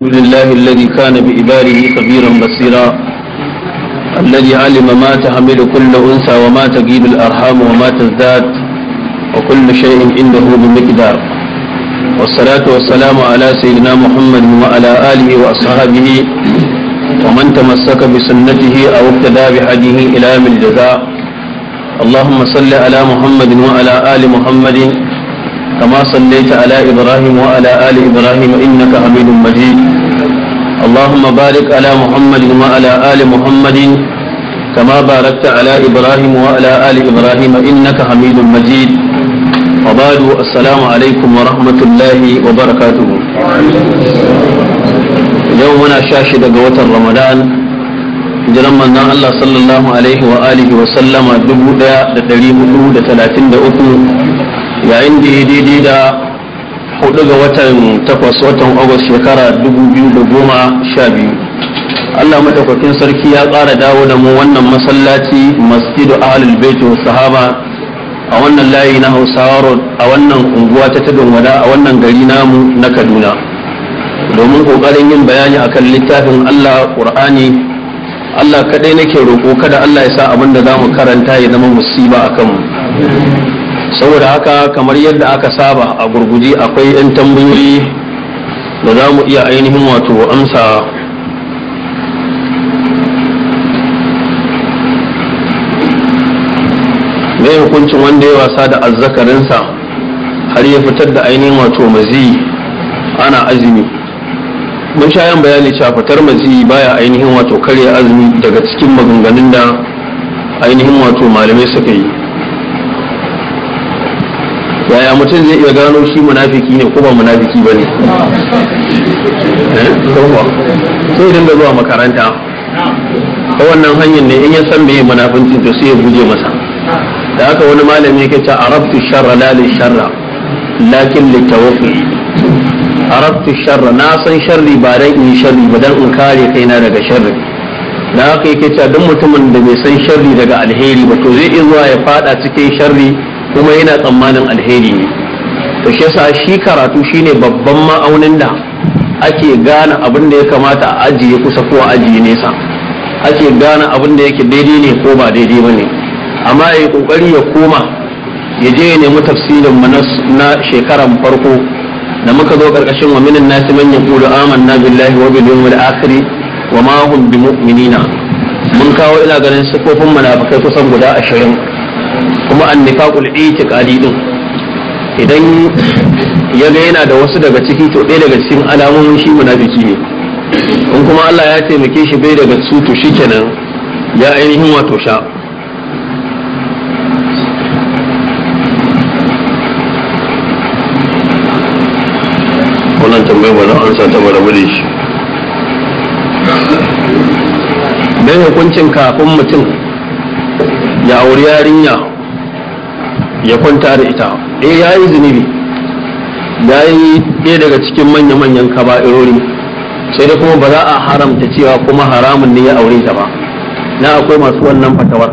الحمد لله الذي كان بإباره خبيرا بصيرا الذي علم ما تحمل كل أنثى وما تجيب الأرحام وما تزداد وكل شيء عنده بمقدار والصلاة والسلام على سيدنا محمد وعلى آله وأصحابه ومن تمسك بسنته أو اقتدى بهديه إلى من الجزاء اللهم صل على محمد وعلى آل محمد كما صليت على إبراهيم وعلى آل إبراهيم إنك حميد مجيد اللهم بارك على محمد وعلى آل محمد كما باركت على إبراهيم وعلى آل إبراهيم إنك حميد مجيد وبعد السلام عليكم ورحمة الله وبركاته يومنا شاشد قوة رمضان hijiran manzon Allah sallallahu alaihi wa alihi wa sallama dubu ɗaya da ɗari hudu da talatin da uku yayin da ya daidai da hudu ga watan takwas watan agus shekara dubu biyu da goma sha biyu allah madaukakin sarki ya ƙara dawo da mu wannan masallaci masjidu ahlul bait sahaba a wannan layi na hausawa road a wannan unguwa ta tudun wada a wannan gari namu na kaduna domin kokarin yin bayani akan littafin allah qur'ani allah kadai nake roƙo kada allah ya sa abin da za mu karanta ya zama musiba a kanmu saboda haka kamar yadda aka saba a gurguji akwai 'yan tambayoyi da za mu iya ainihin wato amsa mai hukuncin wanda ya wasa da azzakarinsa har ya fitar da ainihin wato mazi ana azumi mun sha 'yan bayani cewa fitar mazi baya ainihin wato karya azumi daga cikin maganganun da ainihin wato malamai suka yi yaya mutum zai iya gano shi munafiki ne ko ba munafiki ba ne eh? sai dinga zuwa makaranta ta wannan hanyar ne in ya san mai munafinci to sai ya guje masa da haka wani malami ke ce arabtu sharra la li sharra lakin li arabtu sharra na san sharri ba dan in sharri ba dan in kare kaina daga sharri da haka yake ce duk mutumin da bai san sharri daga alheri ba to zai iya zuwa ya fada cikin sharri kuma yana tsammanin alheri ne to shi yasa shi karatu shine babban ma'aunin da ake gane abin da ya kamata a ajiye kusa ko a ajiye nesa ake gane abin da yake daidai ne ko ba daidai ba ne amma ya yi kokari ya koma ya je ya nemi tafsirin mu na shekaran farko da muka zo karkashin wa minan nasi man yaqulu amanna billahi wa bil yawmil akhir wa ma hum bimu'minina mun kawo ina ganin sifofin munafikai kusan guda ashirin kuma annifaqul ƙari din idan ya ga yana da wasu daga ciki to ɗaya daga cikin alamomin shi munafiki ne in kuma Allah ya taimake shi bai daga su to shikenan ya ainihin wato sha wannan tambayar ba na ansa ta ba da shi dan hukuncin kafin mutum ya auri yarinya ya kwanta da ita eh ya yi zunubi ya yi ɗaya daga cikin manya-manyan kaba'irori sai da kuma ba za a haramta cewa kuma haramun ne ya aure ta ba na akwai masu wannan fatawar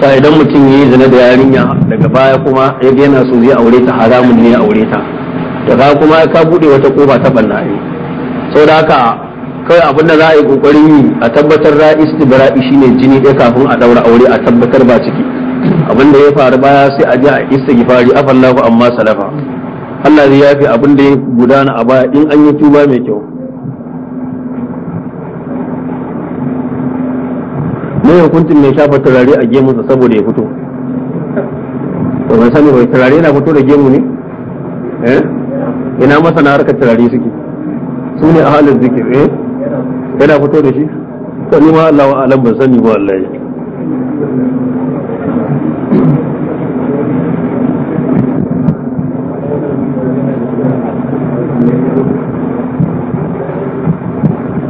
ta idan mutum ya yi zina da yarinya daga baya kuma ya yana so zai aure ta haramun ne ya aure ta da daga kuma ka buɗe wata ƙofa ta banna ne sau da haka kawai abin da za a yi ƙoƙarin yi a tabbatar ra'is shi shine jini ɗaya kafin a ɗaura aure a tabbatar ba ciki abin da ya faru baya sai a ji a istighfari afallahu amma salafa Allah zai yafi abin da ya gudana a baya in an yi tuba mai kyau ne hukuncin mai shafa turare a gemunsa saboda ya fito to ban sani bai turare yana fito da gemu ne eh ina na harkar turare suke su ne a halin zikir eh yana fito da shi to ni ma Allah wa alam ban sani ba wallahi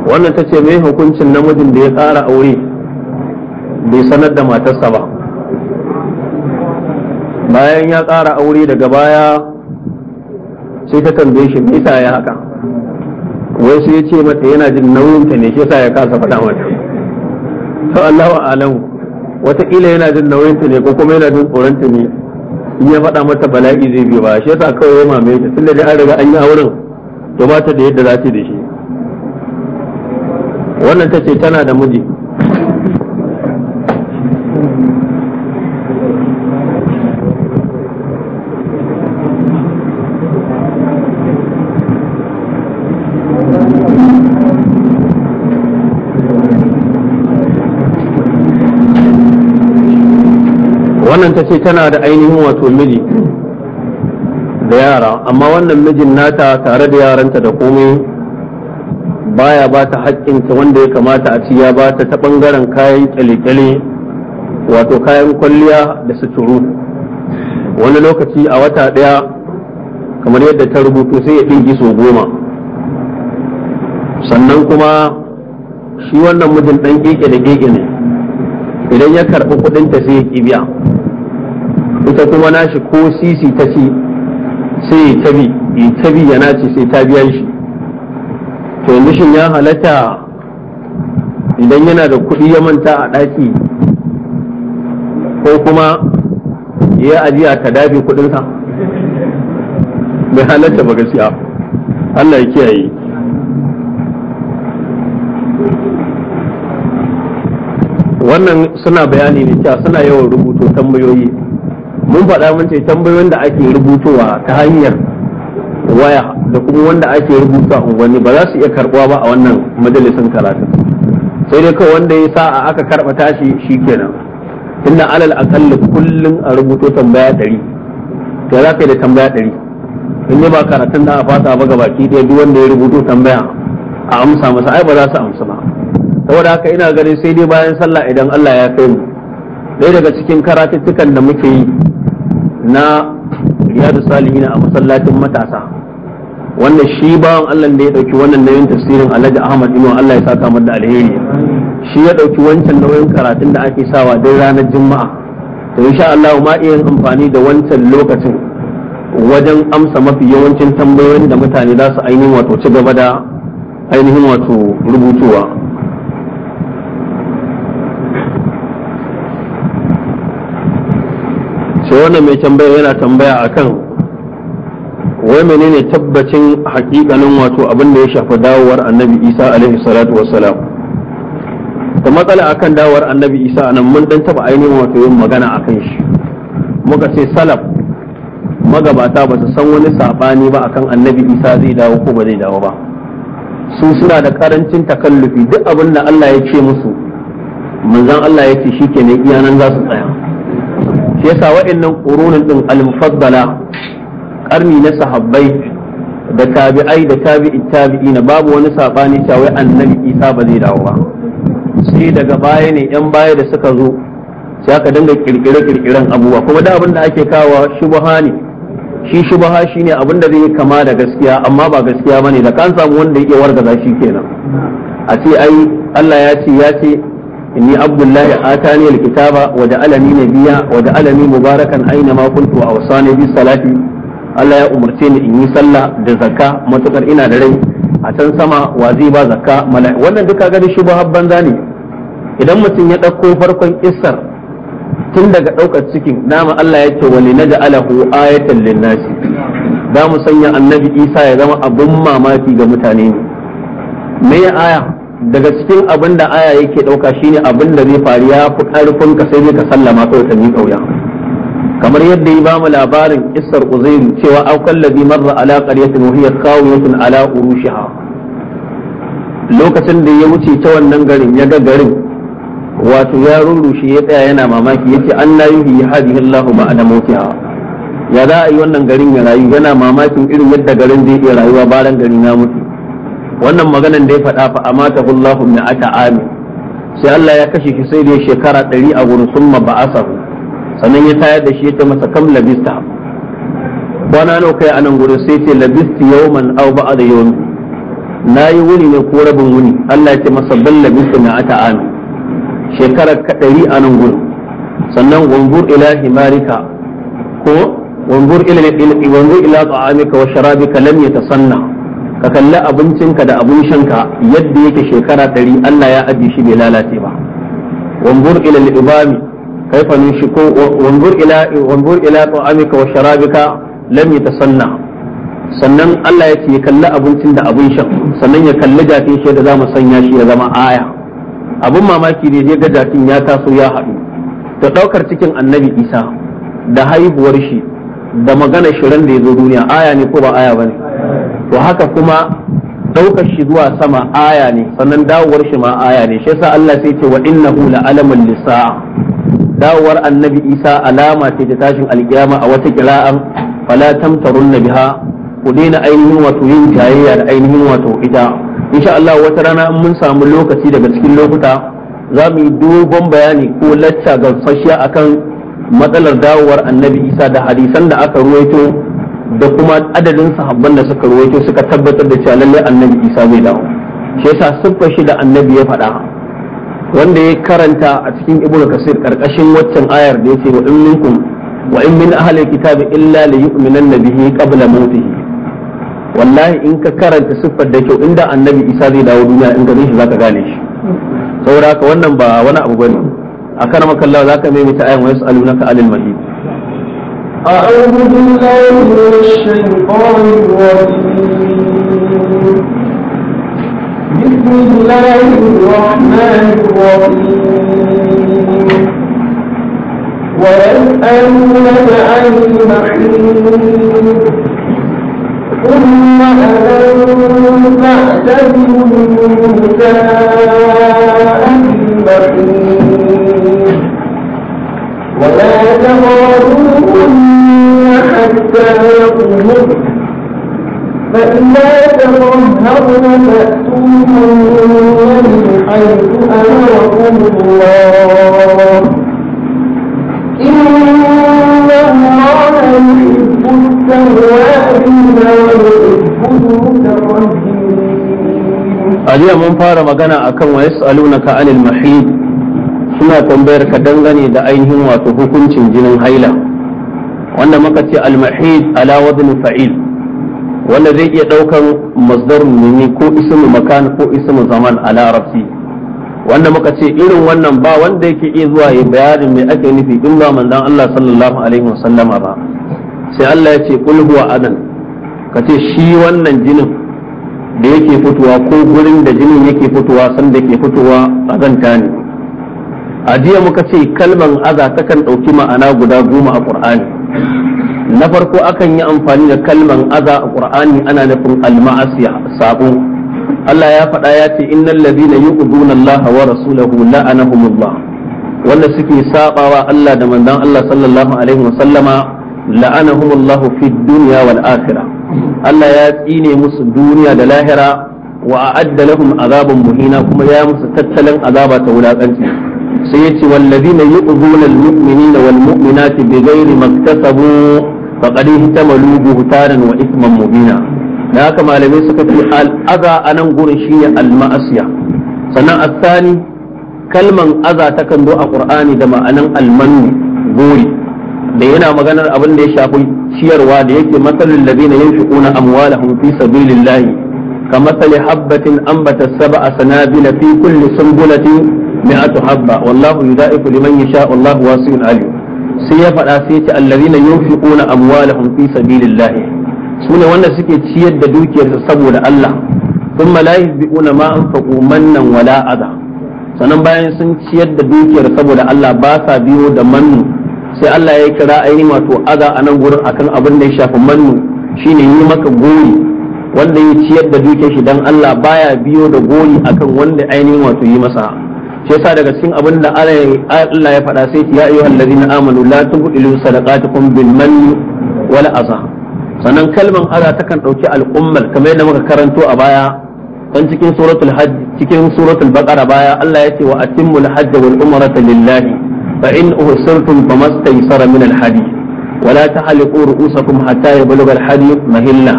wannan ta ce mai hukuncin namijin da ya tsara aure bai sanar da matarsa ba bayan ya tsara aure daga baya sai ta tambaye shi me yasa ya haka wai sai ya ce mata yana jin nauyin ta ne shi yasa ya kasa faɗa mata to Allahu alam wataƙila yana jin nauyin ta ne ko kuma yana jin tsoron ta ne in ya faɗa mata bala'i zai biyo ba shi yasa kawai ya mamaye ta tunda dai an riga an yi auren to ba ta da yadda za ta da shi wannan ta ce tana da miji wannan ta ce tana da ainihin wato miji da yara amma wannan mijin nata tare da yaranta da komai baya ba ta haƙƙinta wanda ya kamata a ci ya ba ta ta ɓangaren kayan ƙyale-ƙyale wato kayan kwalliya da suturu wani lokaci a wata ɗaya kamar yadda ta rubutu sai ya ɗinki so goma sannan kuma shi wannan mijin ɗan ƙeƙe da ƙeƙe ne idan ya karɓi kuɗinta sai ya ƙi ita kuma nashi ko sisi ta ci sai ya tabi ya tabi yana nace sai ta biya shi to yanzu shin ya halatta idan yana da kuɗi ya manta a ɗaki ko kuma ya ajiya ta dafi kuɗinsa mai halatta ba gaskiya Allah ya kiyaye wannan suna bayani ne cewa suna yawan rubuto tambayoyi mun faɗa mun ce tambayoyin da ake rubutowa ta hanyar waya da kuma wanda ake rubuta unguwanni ba za su iya karbuwa ba a wannan majalisun karatu sai dai kawai wanda ya sa a aka karba tashi shi kenan inda alal akalli kullum a rubuto tambaya ɗari ta za ka yi da tambaya ɗari in ba karatun da a fasa ba gabaki ɗaya duk wanda ya rubuto tambaya a amsa masa ai ba za su amsa ba saboda haka ina ganin sai dai bayan sallah idan Allah ya kai mu ɗaya daga cikin karatuttukan da muke yi na riyadu salihina a masallacin matasa wannan shi bawan Allah da ya dauki wannan nauyin tafsirin Alhaji Ahmad Imam Allah ya saka mar da alheri shi ya dauki wancan nauyin karatun da ake sawa dai ranar Juma'a to insha Allah ma iya amfani da wancan lokacin wajen amsa mafi yawancin tambayoyin da mutane za su ainihin wato ci gaba da ainihin wato rubutuwa sai wannan mai tambaya yana tambaya akan wai menene tabbacin hakikanin wato abin da ya shafi dawowar annabi isa alaihi salatu wassalam da matsala akan dawowar annabi isa nan mun dan taba ainihin wato yin magana akan shi muka ce salaf magabata ba su san wani sabani ba akan annabi isa zai dawo ko ba zai dawo ba su suna da karancin takallufi duk abin da Allah ya ce musu manzon Allah ya ce shikenan iyanan za su tsaya shi yasa waɗannan qurunin din al-mufaddala karni na sahabbai da tabi'ai da tabi'i na babu wani sabani cewa wai annabi isa ba zai dawo ba sai daga baya ne yan baya da suka zo sai aka dinga kirkire kirkiren abubuwa kuma da abin da ake kawo shubha ne shi shubha shine abin da zai kama da gaskiya amma ba gaskiya bane da kan samu wanda yake wargaza shi kenan a ce ai Allah ya ce ya ce inni abdullahi atani alkitaba wa ja'alani nabiyya wa ja'alani mubarakan aina ma kuntu awsani bis salati Allah ya umarce ni in yi sallah da zakka matukar ina da rai a can sama wa zai ba zakka mala wannan duka ga shi ba banza ne idan mutum ya ɗauko farkon isar tun daga ɗaukar cikin nama Allah ya ce wali naj'alahu ayatan nasi, za mu sanya annabi Isa ya zama abun mamaki ga mutane ne me aya daga cikin abin da aya yake ɗauka shine abin da zai faru ya fi ƙarfin ka sai ka sallama kawai ka miƙa kauya kamar yadda ya bamu labarin kissar uzairu cewa aukan ladhi marra ala qaryatin wa hiya khawiyatun ala urushiha lokacin da ya wuce ta wannan garin ya ga garin wato ya rurushe ya tsaya yana mamaki yace an la yuhi hadihi Allahu ba'da mautiha ya za a yi wannan garin ya rayu yana mamakin irin yadda garin zai iya rayuwa bayan gari na mutu wannan maganan da ya faɗa fa amata kullahu min ata'ami sai Allah ya kashe shi sai da shekara 100 a gurin summa ba'asahu sannan ya tayar da shi ta masa kam labista kwana nawa kai a nan gurin sai ce labisti yawman aw ba'da yawm na yi wuni ne ko rabin wuni Allah ya ce masa bal labisti na ata ami shekara ka a nan gurin sannan wanzur ila himarika ko wanzur ila wanzur ila ta'amika wa sharabika lam yatasanna ka kalli abincinka da abin shanka yadda yake shekara ɗari Allah ya ajiye shi bai lalace ba wanzur ila al-ibami kaifa nushku wanzur ko wanzur ila ta'amika wa sharabika lam sannan Allah ya ce ya kalli abincin da abin shan sannan ya kalli jakin shi da zamu sanya shi ya zama aya abin mamaki ne ga jakin ya taso ya haɗu da ɗaukar cikin annabi isa da haihuwar shi da magana shirin da ya zo duniya aya ne ko ba aya ba ne to haka kuma ɗaukar shi zuwa sama aya ne sannan dawowar shi ma aya ne shi yasa Allah sai ce wa innahu la alamun lisa'a dawowar annabi isa alama ce ta tashin alkiyama a wata kira'an fala tamtarun biha ku daina ainihin wato yin jayayya da ainihin wato ita insha Allah wata rana in mun samu lokaci daga cikin lokuta za mu yi dogon bayani ko lacca gamsashiya akan matsalar dawowar annabi isa da hadisan da aka ruwaito da kuma adadin sahabban da suka ruwaito suka tabbatar da cewa lallai annabi isa zai dawo shi yasa siffar shi da annabi ya faɗa wanda ya karanta a cikin ibnu kasir karkashin waccan ayar da yake wa in minkum wa in min ahli kitabi illa li yu'minanna bihi qabla mawtihi wallahi in ka karanta siffar da kyau inda annabi isa zai dawo duniya in ka zai shi zaka gane shi saboda haka wannan ba wani abu bane a kan makalla za ka maimaita ayan wa yas'alunaka alil mahid أعوذ بالله من الشيطان الرجيم بسم الله الرحمن الرحيم ويسألونك عن المحيط ثم أذن فاعتزلوا النساء المحيط ولا تقربوهن حتى يطهرن فإذا تطهرن فأتوهن من حيث أمركم الله إن الله يحب التوابين ويحب المتطهرين أكم ويسألونك عن المحيط suna tambayar ka dangane da ainihin wato hukuncin jinin haila wanda muka ce al-mahid ala fa'il wanda zai iya ɗaukan masdar ne ko ismu makan ko ismu zaman a larabci wanda muka ce irin wannan ba wanda yake iya zuwa ya bayani mai ake nufi in ba manzon Allah sallallahu alaihi wasallama ba sai Allah ya ce kul huwa adan ka ce shi wannan jinin da yake fitowa ko gurin da jinin yake fitowa san da ke fitowa azanta ne a jiya muka ce kalman aza kan ɗauki ma'ana guda goma a Qur'ani na farko akan yi amfani da kalman aza a qur'ani ana nufin alma'asiya sabo Allah ya faɗa ya ce innal ladina yu'duna Allah wa rasulahu la'anahumullah wanda suke sabawa Allah da manzon Allah sallallahu alaihi wa sallama la'anahumullah dunya wal akhirah Allah ya tsine musu duniya da lahira wa a'adda lahum azaban muhina kuma ya musu tattalin azaba ta wulakanci sai yace wallazina yu'dhuna al-mu'minina wal-mu'minati bighairi maktasabu faqad ihtamalu buhtanan wa isman mubina da haka malamai suka fi al'aza a nan gurin ne al-ma'asiya sannan asani kalman aza ta kan zo a ƙur'ani da ma'anan almanu gori da yana maganar abin da ya shafi ciyarwa da yake masalul ladina yunfiquna amwalahum fi sabilillahi كمثل ambata saba a سنابل في كل سنبلة مئة حبة والله يضاعف لمن يشاء والله wasu'in عليم sai ya faɗa sai ta allazina yunfiquna amwalahum fi sabilillah su Sune wanda suke ciyar da dukiyarsu saboda Allah sun malayi bi'una ma mannan wala aza sannan bayan sun ciyar da dukiyar saboda Allah ba sa biyo da mannu sai Allah ya kira ainihin wato aga a nan gurin akan abin da ya shafi mannu shine yi maka gori wanda ya ciyar da dukiyar shi dan Allah baya biyo da gori akan wanda ainihin wato yi masa shi yasa daga cikin abin da Allah ya faɗa sai ya ayyuhal ladina amanu la tubdilu sadaqatukum bil manni wal adha sannan kalman adha takan dauki al'ummar kamar yadda muka karanto a baya dan cikin suratul hajj cikin suratul baqara baya Allah ya ce wa atimul hajj wal umrata lillahi fa in uhsirtum famastaysara min al hadi ولا تحلقوا رؤوسكم حتى يبلغ الحدي مهلا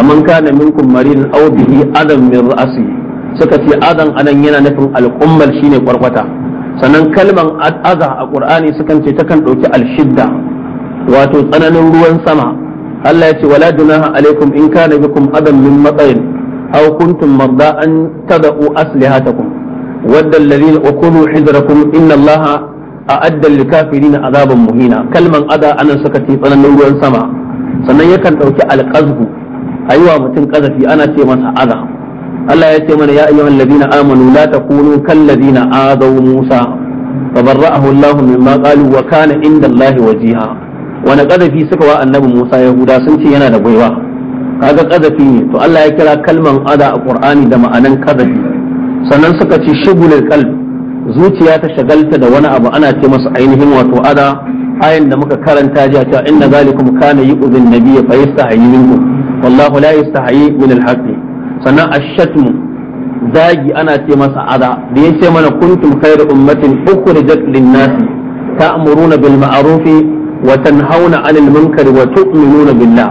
فمن كان منكم مريضا او به اذى من راسه suka ce azan anan yana nufin al'ummar shine kwarkwata sannan kalman aza a qur'ani sukan ce takan ɗauki alshidda wato tsananin ruwan sama Allah ya ce wala junaha alaikum in kana bikum adam min matsayin aw kuntum marda an tad'u aslihatakum wadda alladhina ukulu hidrakum inna allaha a'adda likafirina azaban muhina kalman aza anan suka ce tsananin ruwan sama sannan yakan ɗauki alqazbu ayiwa mutum kazafi ana ce masa aza Allah ya ce mana ya ayyuhal ladina amanu la takunu kal ladina azaw Musa فبرأه الله مما قالوا وكان عند الله وجيها وانا قذفي سكوا النبي موسى يهودا سنتي yana da gwaiwa kaga qadafi ne to Allah ya kira kalman ada a Qur'ani da ma'anan qadafi sannan suka ce shibulul qalb zuciya ta shagalta da wani abu ana ce masa ainihin wato ada ayan da muka karanta jiya ta inna zalikum kana yu'dhin nabiyya fa yastahi minkum wallahu la yastahi min al-haqq sannan Shatmu, zagi ana ce masa aza da ya ce mana kuntum khairu ummatin ukhrijat lin-nas ta'muruna bil ma'ruf wa tanhauna 'anil munkar wa tu'minuna billah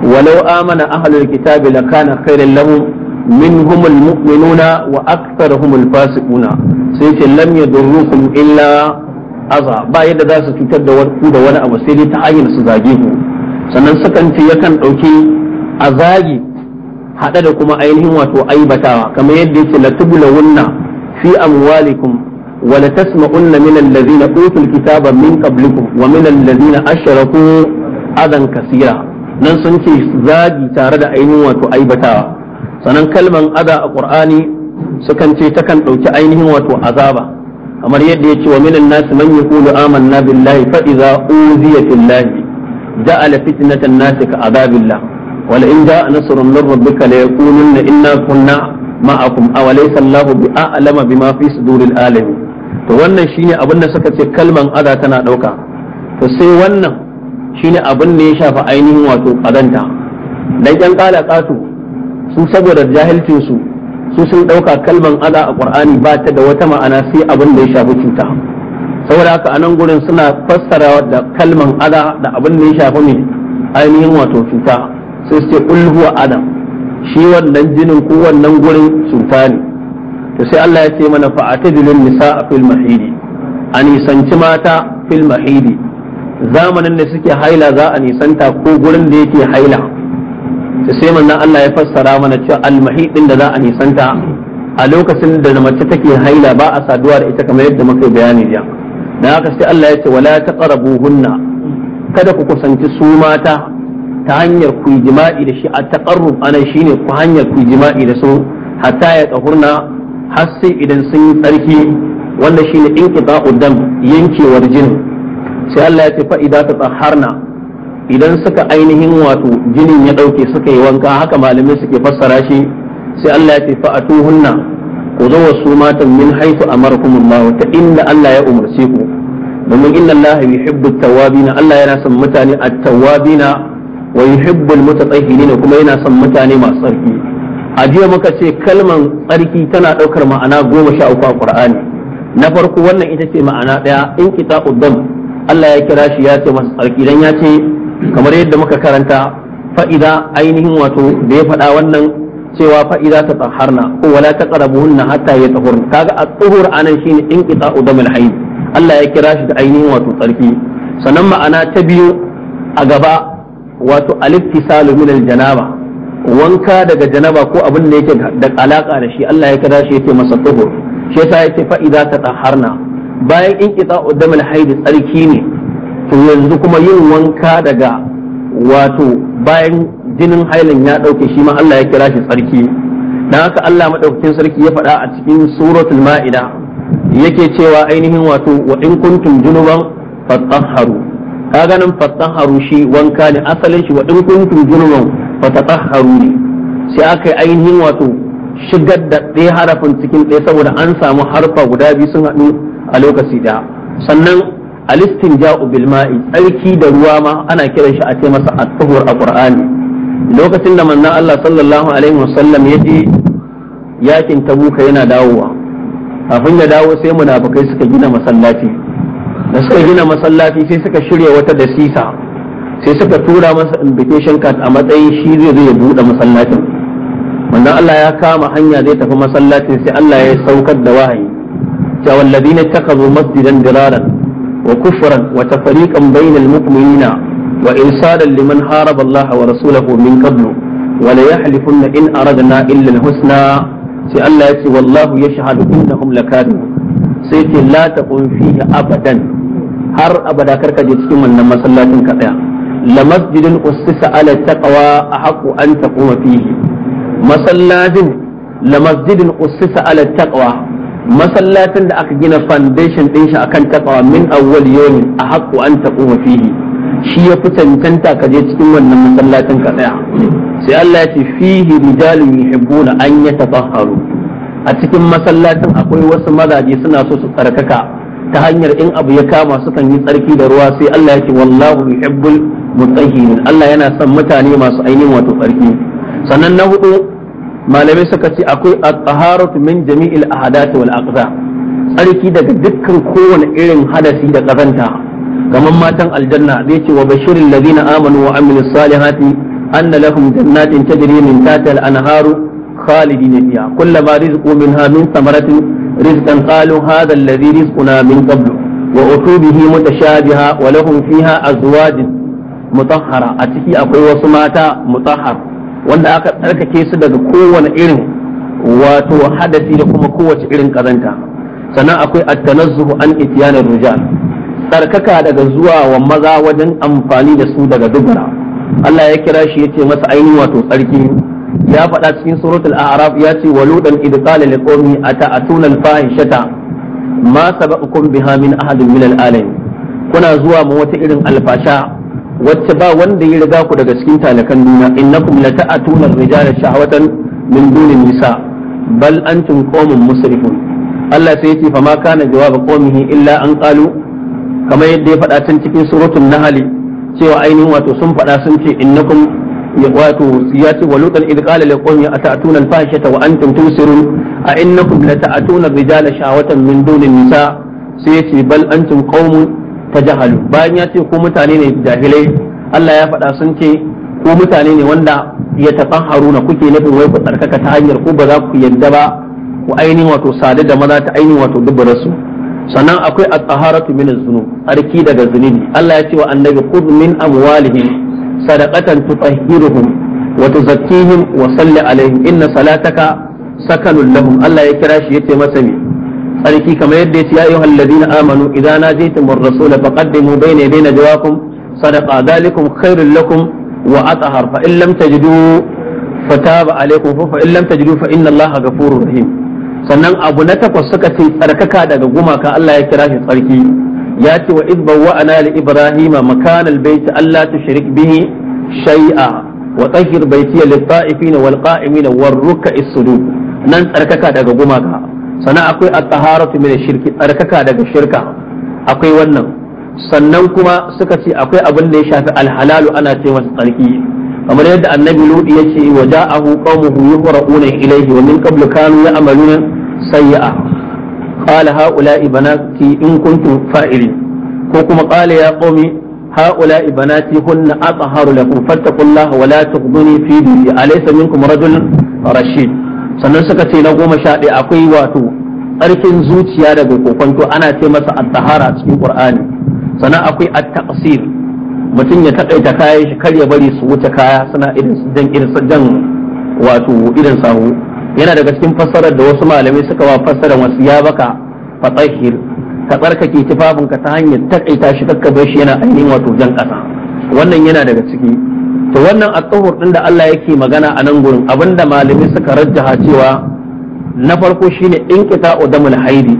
walau amana ahlul kitabi lakana khairan lahum منهم المؤمنون وأكثرهم الفاسقون سيت لم يضروكم إلا أذى با yadda za su cutar da ku da wani abu sai dai ta hanyar su zage ku sannan sukan yakan ɗauki a zagi hada da kuma ainihin wato aibatawa kamar yadda yake latubulawunna fi amwalikum wa latasma'unna min allazina utul kitaba min qablikum wa min allazina ashraku adan kasira nan sun ce zagi tare da ainihin wato aibatawa sanan kalman ada a qur'ani sukan ce takan dauki ainihin wato azaba kamar yadda yake wa minan nasi man yaqulu amanna billahi fa idza uziya fillahi ja'ala fitnatan nasi ka azabillah wala in ja'a nasrun min rabbika la yakununna inna kunna ma'akum aw laysa Allahu bi a'lama bima fi to wannan shine abin da suka ce kalman ada tana dauka to sai wannan shine abin da ya shafa ainihin wato kadanta dan yan kala katu su saboda jahilcin su su sun dauka kalman ada a qur'ani ba ta da wata ma'ana sai abin da ya shafi cuta saboda haka anan gurin suna fassara da kalman ada da abin da ya shafi ne ainihin wato cuta sai su ce adam shi wannan jinin ko wannan gurin cuta ne to sai Allah ya ce mana fa atadilun nisa fil mahidi a nisanci mata fil mahidi zamanin da suke haila za a nisanta ko gurin da yake haila to sai manzon Allah ya fassara mana cewa al mahidin da za a nisanta a lokacin da mace take haila ba a saduwa da ita kamar yadda muka bayani jiya dan haka sai Allah ya ce wala taqrabuhunna kada ku kusanci su mata ta hanyar ku jima'i da shi a taqarrub anan shine ku hanyar ku jima'i da su hatta ya tsahurna har sai idan sun yi tsarki wanda shine inqita'u dam yankewar jinin sai Allah ya ce fa ta tsaharna idan suka ainihin wato jinin ya dauke suka yi wanka haka malamai suke fassara shi sai Allah ya ce fa atuhunna ku zo wasu matan min haitu amarakumullah ta inda Allah ya umarce ku domin inna Allah yi at-tawwabin Allah yana son mutane a tawwabina wa yuhibbul mutatahhirin kuma yana son mutane masu tsarki a jiya muka ce kalman tsarki tana daukar ma'ana goma sha uku a Qur'ani na farko wannan ita ce ma'ana daya in kita uddam Allah ya kira shi ya ce masa tsarki dan ya ce kamar yadda muka karanta fa'ida ainihin wato da ya faɗa wannan cewa fa'ida ta tsaharna ko wala ta qarabuhunna hatta ya tahurna kaga at-tuhur anan shine in kita uddamul hayd Allah ya kira shi da ainihin wato tsarki sannan ma'ana ta biyu a gaba wato al min janaba wanka daga janaba ko abin da yake da alaka da shi Allah ya kira shi yake masa tuhur shi yasa yake fa idza tatahharna bayan in kita udam al-haid tsarki ne to yanzu kuma yin wanka daga wato bayan jinin hailin ya dauke shi ma Allah ya kira shi tsarki dan haka Allah madaukakin sarki ya faɗa a cikin suratul ma'ida yake cewa ainihin wato wa in kuntum junuban fatahharu ka ganin fatahharu shi wanka ne asalin shi wa in kuntum junuban fatahharu ne sai aka yi ainihin wato shigar da ɗaya harafin cikin ɗaya saboda an samu harfa guda biyu sun haɗu a lokaci da. sannan alistinja'u bil ma'i tsarki da ruwa ma ana kiran shi a ce masa at-tuhur a qur'ani lokacin da manzon Allah sallallahu alaihi wasallam ya je yakin tabuka yana dawowa kafin ya dawo sai munafikai suka gina masallaci da suka gina masallaci sai suka shirya wata dasisa sai suka tura masa invitation card a matsayin shi zai zai buɗe masallacin manzon Allah ya kama hanya zai tafi masallacin sai Allah ya saukar da wahayi cewa taka zo masjidan diraran wa kufuran wa tafriqan bainal mu'minina wa irsalan liman haraba Allah wa rasulahu min qablu wa la yahlifuna in aradna illa al-husna sai Allah ya ce wallahu yashhadu innahum lakadibun sai ce la taqum fihi abadan har abada karka je cikin wannan masallacin ka tsaya la masjidin ussisa ala taqwa ahqqu an taquma fihi masallacin la masjidin ussisa ala taqwa masallacin da aka gina foundation din shi akan taqwa min awwal yawmin ahqqu an taquma fihi shi ya fi cancanta ka je cikin wannan masallacin ka tsaya sai Allah ya ce fihi rijalun yuhibbuna an yatafahharu a cikin masallacin akwai wasu mazaje suna so su tsarkaka ta hanyar in abu ya kama sukan yi tsarki da ruwa sai Allah yake wallahu yuhibbul mutahhirin Allah yana son mutane masu ainihin wato tsarki sannan na hudu malamai suka ce akwai at-taharatu min jami'il ahadati wal aqza tsarki daga dukkan kowane irin hadasi da kazanta kamar matan aljanna zai ce wa bashirin ladina amanu wa amilus salihati anna lahum jannatin tajri min tahtiha al-anharu khalidina fiha kullama rizqu minha min thamaratin رزقا قالوا هذا الذي رزقنا من قبل وأتوا به متشابها ولهم A ciki akwai wasu mata وسماتا مطهر wanda aka tsarkake su daga kowane irin wato hadasi da kuma kowace irin kazanta sannan akwai attanazzuhu an itiyanar rijal tsarkaka daga zuwa wa maza wajen amfani da su daga dubara Allah ya kira shi ce masa ainihi wato tsarki ya faɗa cikin suratul a'raf ya ce wa ludan id qala liqawmi ata'atuna al-fahishata ma sabaqakum biha min ahadin min al-alamin kuna zuwa mu wata irin alfasha wacce ba wanda ya riga ku daga cikin talakan duniya innakum lata'atuna ar-rijala shahwatan min dunin nisa bal antum qaumun musrifun Allah sai yace fama kana jawaba qaumihi illa an qalu kamar yadda ya faɗa tun cikin suratul nahl cewa ainihin wato sun faɗa sun ce innakum wato ya ce walut al idqala li qawmi atatuna al fahishata wa antum tusirun a innakum lata'atuna rijala shahwatan min duni nisa sai ya ce bal antum qaumun tajahalu bayan ya ce ku mutane ne jahilai Allah ya faɗa sun ce ku mutane ne wanda ya tafaharu na kuke nufin wai ku tsarkaka ta hanyar ku ba za ku yadda ba ku ainihin wato sadu da maza ta ainihin wato dubararsu sannan akwai at-taharatu min az-zunub arki daga zunubi Allah ya ce wa annabi khudh min amwalihim sadaqatan tutahhiruhum wa tuzakkihim wa salli alaihim inna salataka sakanun lahum Allah ya kira shi yace masa me tsarki kamar yadda yace ya ayyuhal ladina amanu idza najaytum ar-rasul faqaddimu bayna bayna jawakum sadaqa dalikum khairul lakum wa athhar fa in lam tajidu fataba alaikum fa in lam tajidu fa inna Allah ghafurur rahim sannan abu na takwas suka ce tsarkaka daga gumaka Allah ya kira shi tsarki ya ce wa izba wa ana li ibrahima makanal baiti allah tushrik bihi shay'a wa tahhir baitiya lit ta'ifin wal qa'imin war ruk'is sujud nan tsarkaka daga gumaka sannan akwai at-taharatu min shirki tsarkaka daga shirka akwai wannan sannan kuma suka ce akwai abin da ya shafi alhalalu ana ce masa tsarki kamar yadda annabi ludi ya ce wa ja'ahu qaumuhu yuqra'una ilayhi wa min qablu kanu ya'maluna sayyi'a qala haula'i banati in kuntum iri ko kuma qala ya qaumi haula'i banati hunna athaharu lakum fattaqullaha wa la tughduni fi dini alaysa minkum rajulun rashid sannan suka ce na goma sha ɗaya akwai wato tsarkin zuciya daga kokonto ana ce masa at-tahara cikin qur'ani sannan akwai at-taqsir mutum ya takaita kayan shi kar ya bari su wuce kaya suna irin jan irin jan wato irin sahu yana daga cikin fassarar da wasu malamai suka wa fassarar wasu ya baka fatsahir ka tsarkake tufafinka ta hanyar takaita shi kakkabe shi yana ainihin wato jan ƙasa wannan yana daga ciki to wannan at din da Allah yake magana a nan gurin abinda malamai suka rajjaha cewa na farko shine inkita udamul haidi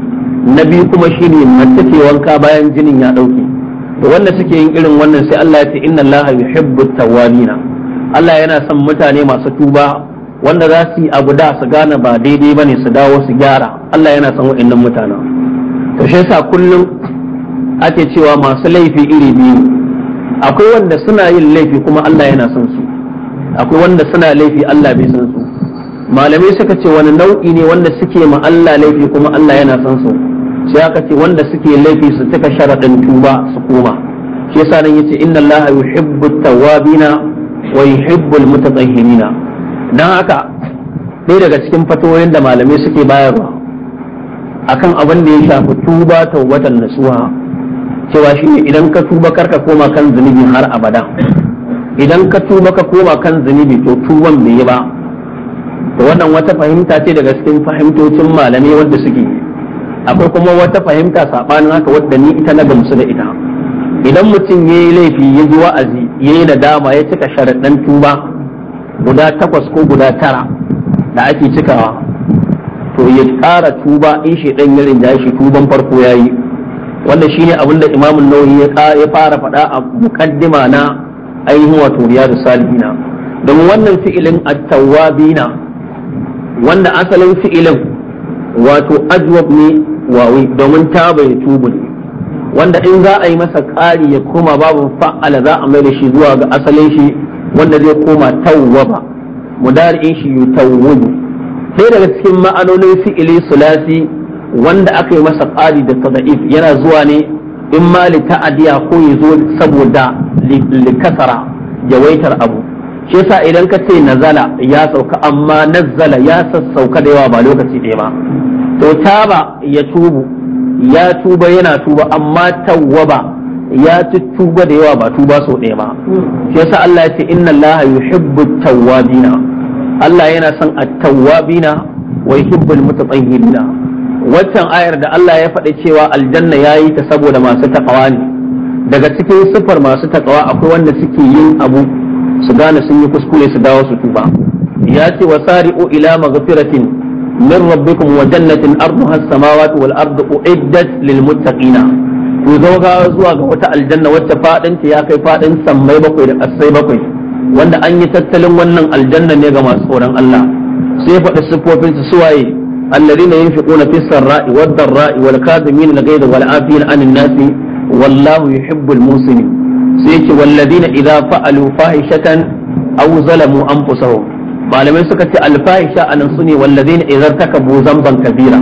na biyu kuma shine mace ke wanka bayan jinin ya dauke to wanda suke yin irin wannan sai Allah ya ce inna Allah yuhibbut tawwabina Allah yana son mutane masu tuba wanda za su yi abu da su gane ba daidai ba ne su dawo su gyara Allah yana san wa'annan mutane to shi yasa kullum ake cewa masu laifi iri biyu akwai wanda suna yin laifi kuma Allah yana san su akwai wanda suna laifi Allah bai san su malamai suka ce wani nau'i ne wanda suke ma Allah laifi kuma Allah yana san su sai aka ce wanda suke laifi su cika sharadin tuba su koma shi yasa nan yace inna Allah yuhibbu tawwabina wa yuhibbul mutatahhirina don haka ɗaya daga cikin fatoyin da malamai suke bayarwa akan abin da ya shafi tuba tawbatan nasuwa, cewa shi idan ka tuba karka koma kan zunubi har abada idan ka tuba ka koma kan zunubi to tuban bai yi ba to wannan wata fahimta ce daga cikin fahimtocin malamai wanda suke akwai kuma wata fahimta saɓanin haka wadda ni ita na gamsu da ita idan mutum ya yi laifi ya ji wa'azi ya yi nadama ya cika sharaɗin tuba guda takwas ko guda tara da ake cikawa to ya ƙara tuba in shi ɗan yarin da shi tuban farko ya yi wanda shi ne abinda imamun nauyi ya fara faɗa a mukaddima na ainihin wato da salihina Don wannan fi'ilin attawabina wanda asalin fi'ilin wato ajwab ne wawi domin ta bai tubu ne wanda in za a yi masa ƙari ya koma babu fa'ala za a mai da shi zuwa ga asalin shi wanda zai koma tawwaba mudari'in shi yutawwabu sai daga cikin ma'anonin fi'ili sulasi wanda aka yi masa ƙari da tada'if yana zuwa ne in ma li ta'diya ko yazo zo saboda likasara jawaitar abu shi yasa idan ka ce nazala ya sauka amma nazzala ya sassauka da yawa ba lokaci ɗaya ba to taba ya tubu ya tuba yana tuba amma tawwaba ya ci tuba da yawa ba tuba sau ɗaya ba shi yasa Allah ya ce inna Allah yuhibbu tawwabina Allah yana son at-tawwabina wa yuhibbul mutatahhirina waccan ayar da Allah ya faɗi cewa aljanna yayi ta saboda masu takawa ne daga cikin sifar masu takawa akwai wanda suke yin abu su gane sun yi kuskure su dawo su tuba ya ce wa sari'u ila maghfiratin min rabbikum wa jannatin arduha as-samawati wal ardu uiddat lil muttaqina zo zauga zuwa ga wata aljanna wacce faɗinta ya kai fadin sammai bakwai da ƙasai bakwai wanda an yi tattalin wannan aljanna ne ga masu tsoron Allah sai faɗi siffofin su suwaye alladhina yunfiquna fis sarra'i wad dharra'i wal kadhimin ghayza wal 'afina 'anil nasi wallahu yuhibbul muslimin sai yake walladhina idza fa'alu fahishatan aw zalamu anfusahum malamai suka ce alfahisha anan sune walladhina idza takabu zamban kabira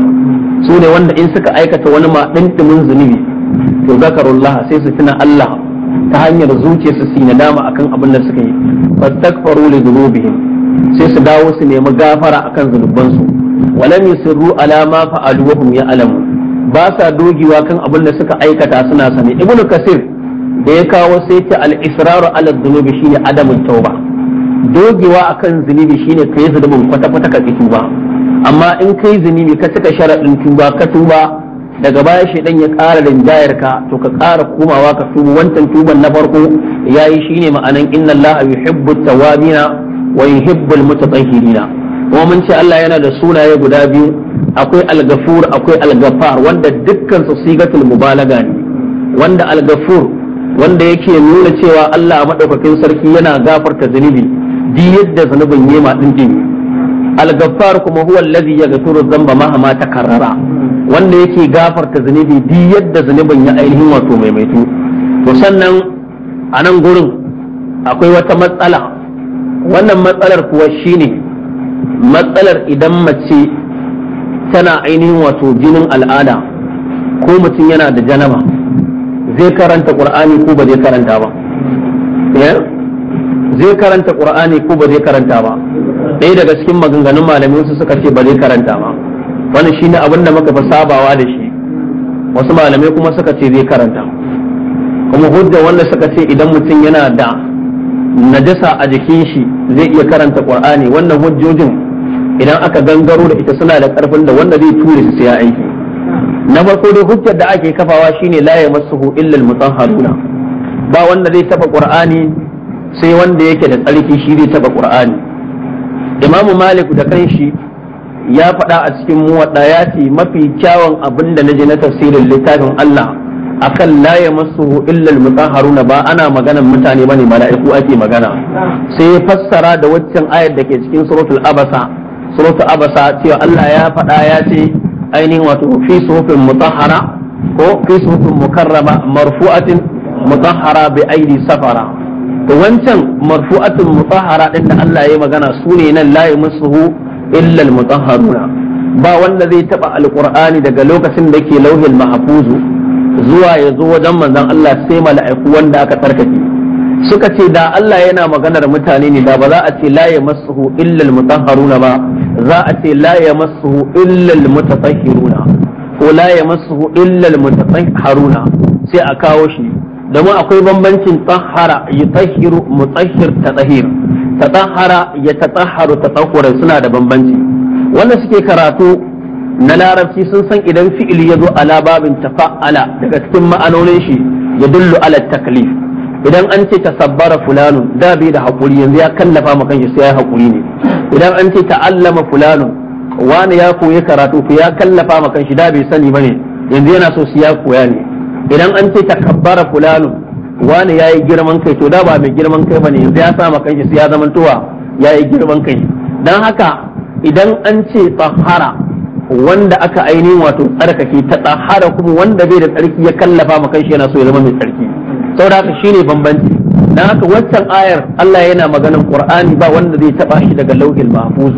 su ne wanda in suka aikata wani ma dindimin zunubi to zakarullah sai su tuna Allah ta hanyar zuciya su si nadama akan abin da suka yi fastakfaru li dhunubihim sai su dawo su nemi gafara akan zunubansu walam yusirru ala ma fa'alu wa hum ya'lamu ba sa dogewa kan abin da suka aikata suna sani ibnu kasir da ya kawo sai ta al-israru ala dhunubi shine adamun tauba dogewa akan zunubi shine kai zunubin kwata kwata ka tuba amma in kai zunubi ka cika sharadin tuba ka tuba daga baya ɗan ya ƙara rinjayar ka to ka ƙara komawa ka tubu wancan tuban na farko yayi shine ma'anan inna allaha yuhibbu tawabina wa yuhibbu almutatahhirina kuma mun ce Allah yana da sunaye guda biyu akwai al-ghafur akwai al-ghaffar wanda dukkan su sigatul mubalaga ne wanda al-ghafur wanda yake nuna cewa Allah madaukakin sarki yana gafarta zunubi duk yadda zunubin yema din al-ghaffar kuma huwa allazi yaghfiru dhanba mahama takarrara wanda yake gafarta zunubi duk yadda zunubin ya ainihin wato maimaitu to sannan a nan gurin akwai wata matsala wannan matsalar kuwa shine matsalar idan mace tana ainihin wato jinin al'ada ko mutum yana da janaba zai karanta ƙur'ani ko ba zai karanta ba eh? zai karanta qur'ani ko ba zai karanta ba ɗaya daga cikin maganganun malamai su suka ce ba zai karanta ma wannan shine abin da muka fi sabawa da shi wasu malamai kuma suka ce zai karanta kuma hujja wanda suka ce idan mutum yana da najasa a jikin shi zai iya karanta qur'ani wannan hujjojin idan aka gangaro da ita suna da karfin da wanda zai tura su sai aiki na farko dai hujjar da ake kafawa shine la yamassuhu illa al-mutahharuna ba wanda zai taba qur'ani sai wanda yake da tsarki shi zai taba qur'ani imamu malik da kanshi ya faɗa a cikin muwaɗa ya ce mafi kyawun abin da na ji na tafsirin littafin Allah akan la ya masu illal mutahharuna ba ana maganan mutane bane mala'iku ake magana sai ya fassara da waccan ayar da ke cikin suratul abasa suratul abasa cewa Allah ya faɗa ya ce ainihin wato fi suhufin mutahhara ko fi suhufin mukarrama marfu'atin mutahhara bi aidi safara wancan marfu'atul mutahhara din da Allah ya yi magana sune nan la yamassuhu illa al mutahharuna ba wanda zai taba alqur'ani daga lokacin da yake lauhil mahfuzu zuwa ya zo wajen manzon Allah sai mala'iku wanda aka tarkace. suka ce da Allah yana maganar mutane ne da ba za a ce la yamassuhu illa al mutahharuna ba za a ce la yamassuhu illa al mutatahhiruna ko la yamassuhu illa al mutatahharuna sai a kawo shi domin akwai bambancin tsahara ya tsahiru mutahhir ta tsahir ta tsahara ya ta tsaharu ta tsahuran suna da bambanci wanda suke karatu na larabci sun san idan fi'ili ya zo ala babin tafa'ala daga cikin ma'anonin shi ya dullu ala taklif idan an ce sabbara fulanun da bai da haƙuri yanzu ya kallafa ma kanshi sai ya haƙuri ne idan an ce ta'allama fulanun wani ya koyi karatu ya kallafa ma kanshi da bai sani bane yanzu yana so su ya koya ne idan an ce takabbara fulanu wani ya yi girman kai to da ba mai girman kai ne yanzu ya sa kanshi su, ya zama tuwa yi girman kai Don haka idan an ce tsahara wanda aka ainihin wato tsarkake ta tsahara kuma wanda bai da tsarki ya kallafa ma kanshi yana so ya zama mai tsarki Sau da haka ne bambanci Na haka waccan ayar Allah yana maganin Qur'ani ba wanda zai taba shi daga lauhil mahfuz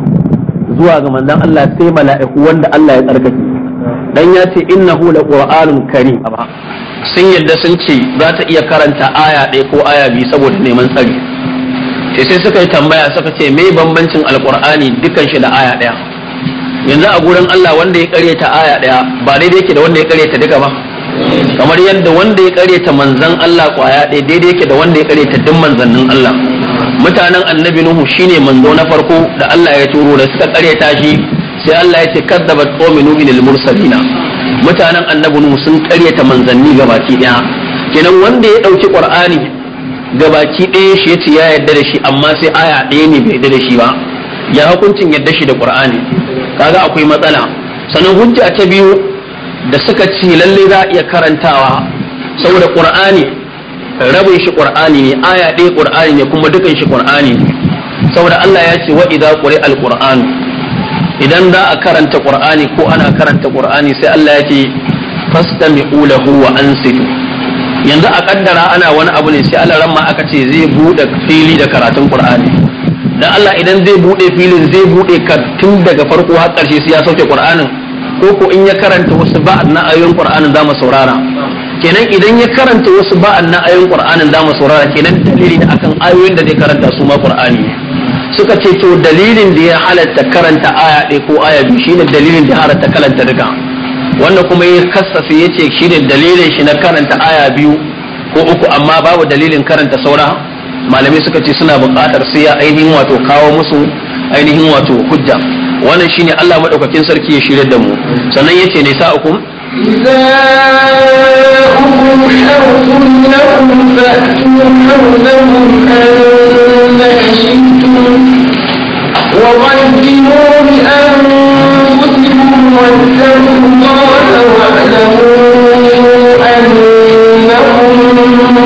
zuwa ga manzon Allah sai mala'iku wanda Allah ya tsarkake dan ya ce innahu la qur'anun karim sun yadda sun ce za ta iya karanta aya ɗaya ko aya biyu saboda neman tsari sai sai suka yi tambaya suka ce mai bambancin alqur'ani dukan shi da aya ɗaya yanzu a gurin Allah wanda ya karyata aya ɗaya ba daidai yake da wanda ya ta duka ba kamar yadda wanda ya ta manzan Allah kwaya ɗaya daidai yake da wanda ya ta duk manzannin Allah mutanen annabi nuhu shine manzo na farko da Allah ya turo da suka ta shi sai Allah ya ce kaddabat qaumin nuhin mursalina mutanen annabi Nu sun karyata manzanni gabaki daya kenan wanda ya dauki qur'ani gabaki daya shi yace ya yarda da shi amma sai aya daya ne bai yarda da shi ba ya hukuncin yarda shi da qur'ani kaga akwai matsala sanan hujja ta biyu da suka ce lalle za iya karantawa saboda qur'ani rabin shi qur'ani ne aya ɗaya qur'ani ne kuma dukan shi qur'ani ne saboda Allah ya ce wa idza quri'al quran idan za a karanta qur'ani ko ana karanta qur'ani sai Allah ya ce fastami'u lahu wa ansitu yanzu a kaddara ana wani abu ne sai Allah ramma aka ce zai bude fili da karatun qur'ani dan Allah idan zai bude filin zai bude tun daga farko har karshe sai ya sauke qur'anin ko ko in ya karanta wasu ba'ad na ayoyin qur'anin mu saurara kenan idan ya karanta wasu ba'ad na ayoyin qur'anin mu saurara kenan dalili da akan ayoyin da zai karanta su ma qur'ani ne suka ce to dalilin da ya halatta karanta aya ɗaya ko aya biyu shine dalilin da ya halatta karanta riga, wannan kuma ya kassasa ya ce shine dalilin shi na karanta aya biyu ko uku amma babu dalilin karanta saura malamai suka ce suna buƙatar sai ya ainihin wato kawo musu ainihin wato hujja wannan shine Allah madaukakin sarki ya shirya da mu sannan yace ne sa sa'ukum نساؤكم حرث لكم فأتوا حرثكم أن شئتم وقدموا لأنفسكم واتقوا الله واعلموا أنكم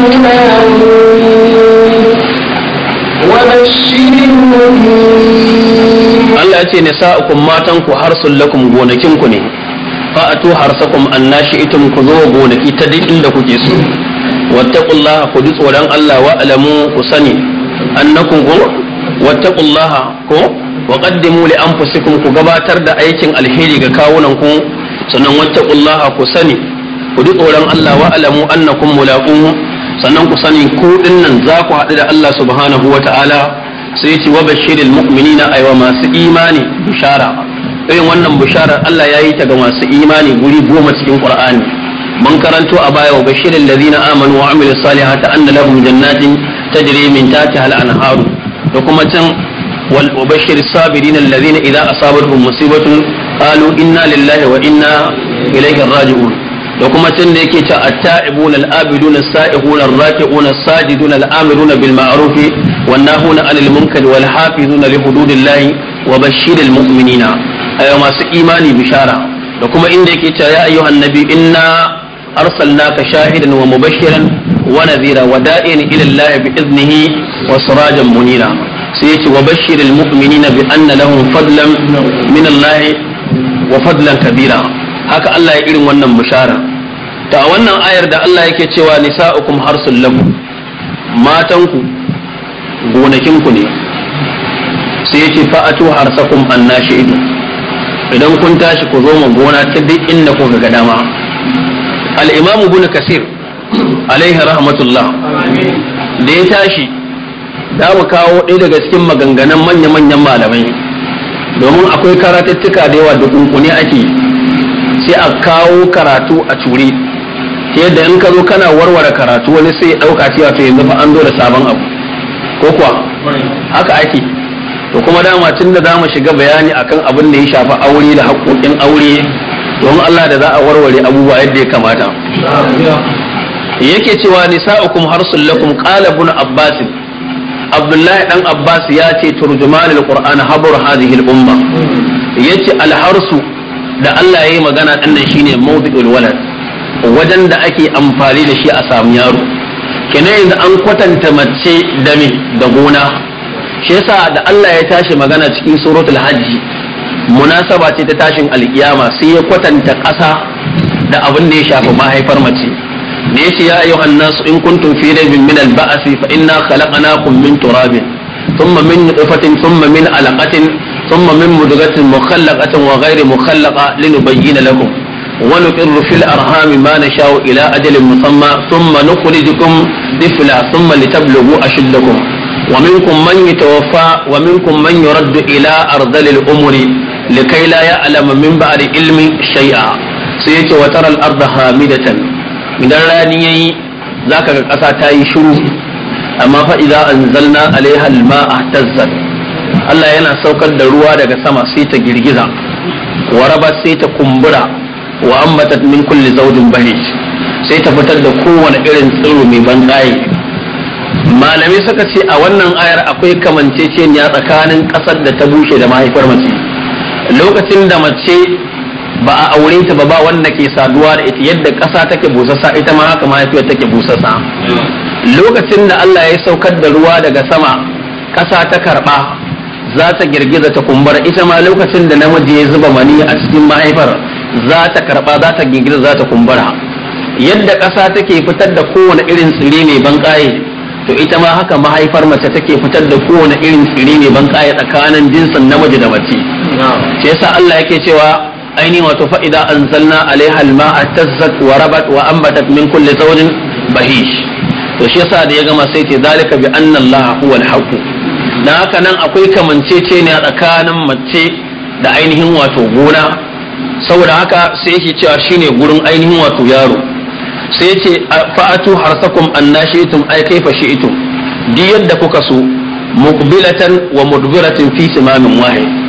ملاقوه وبشر المؤمنين الله يأتي نساؤكم ماتنكم حرص لكم ونكنكم fa'atu harsakum annashi itum ku zo gonaki ta duk inda kuke so wattaqullaha ku ji tsoron Allah wa alamu ku sani annakum ko wattaqullaha ko wa qaddimu li anfusikum ku gabatar da aikin alheri ga kawunan ku sannan wattaqullaha ku sani ku ji tsoron Allah wa alamu annakum mulaquhu sannan ku sani ku dinnan za ku haɗu da Allah subhanahu wa ta'ala sai ci wa bashiril mu'minina aiwa masu imani bishara irin wannan bisharar Allah ya yi ta ga masu imani guri goma cikin Qur'ani mun karanto a baya wa bashiril ladina amanu wa amilus salihati anna lahum jannatin tajri min tahtiha al-anharu da kuma can wal ubashir sabirin alladhina idza asabatuhum musibatun qalu inna lillahi wa inna ilayhi raji'un da kuma can da yake ta at-ta'ibun al-abidun as-sa'ihun ar-raki'un as-sajidun al-amirun bil ma'ruf wan nahuna 'anil munkar wal hafizun li hududillahi wa bashiril mu'minina ayo masu imani bishara da kuma inda yake ta ya ayyuhan nabi inna arsalnaka shahidan wa mubashiran ونذيرا ودائن إلى الله بإذنه وسراجا منيرا سيأتي وبشر المؤمنين بأن لهم فضلا من الله وفضلا كبيرا haka Allah ya irin wannan bishara ta wannan ayar da Allah yake cewa nisa'ukum harsul lakum matanku gonakinku ne sai yake fa'atu harsakum annashi idu idan kun tashi ku zo mu gona ta duk inda kuka ga dama al-imamu ibn kasir alaihi rahmatullah da ya tashi da mu kawo ɗaya daga cikin maganganun manya-manyan malamai domin akwai karatattuka da yawa da kunkune ake sai a kawo karatu a ture ta yadda in ka zo kana warware karatu wani sai ya ɗauka cewa ta yanzu fa an zo da sabon abu ko kuwa haka ake to kuma dama tun da za mu shiga bayani akan abin da ya shafi aure da haƙoƙin aure don Allah da za a warware abubuwa yadda ya kamata yake cewa nisa'ukum harsul lakum qala ibn abbas abdullahi dan abbas ya ce turjuman qur'an habur hadhihi al umma yace alharsu harsu da Allah yayi magana dan nan shine mawdi'ul walad wajen da ake amfani da shi a samu yaro kenan yanzu an kwatanta mace da me da gona shi yasa da Allah ya tashi magana cikin suratul hajji munasaba ce ta tashin alkiyama sai ya kwatanta ƙasa da abin da ya shafi mahaifar mace da yace ya ayyuhan nas in kuntum fi raybin min al-ba'si fa inna khalaqnakum min turabin thumma min nutfatin thumma min alaqatin thumma min mudghatin mukhallaqatin wa ghayri mukhallaqa linubayyana lakum wa nuqirru fil arhami ma nasha'u ila ajalin musamma thumma nukhrijukum tifla thumma litablugu ashiddakum wa minkum man yatawaffa wa minkum man yuraddu ila ardhil umri likay la ya'lamu min ba'di ilmi shay'a sai idan rani ya yayi zaka ga ƙasa ta yi shiru amma fa a lai halima a tazzal. Allah yana saukar da ruwa daga sama sai ta girgiza waraba sai ta kumbura wa ammatat min kulli zawjin bahij sai ta fitar da kowane irin tsiro mai ban malamai suka ce a wannan ayar akwai kamanceceniya tsakanin ƙasar da ta bushe da mahaifar mace lokacin da mace ba a aure ta ba ba wanda ke saduwa da ita yadda ƙasa take busassa ita ma haka mahaifiyar take busassa lokacin da Allah ya saukar da ruwa daga sama ƙasa ta karɓa za ta girgiza ta kumbura ita ma lokacin da namiji ya zuba mani a cikin mahaifar za ta karɓa za ta girgiza za ta kumbura yadda ƙasa take fitar da kowane irin tsire mai banƙaye to ita ma haka mahaifar mace take fitar da kowane irin tsire mai banƙaye tsakanin jinsin namiji da mace shi yasa Allah yake cewa aini wato Fa'ida, An-Zanna, alaiha Halma, tazzat wa rabat wa ambatat min kulle zaunin bahish to shi yasa da ya gama sai ce zalika bi anna laha huwal haqq na haka nan akwai kamancece ne a tsakanin mace da ainihin wato gona saboda haka sai yake cewa shine gurin ainihin wato yaro sai yace fa'atu harsakum annashitum ay kaifa shi'tum di yadda kuka so muqbilatan wa mudbiratin fi simamin wahid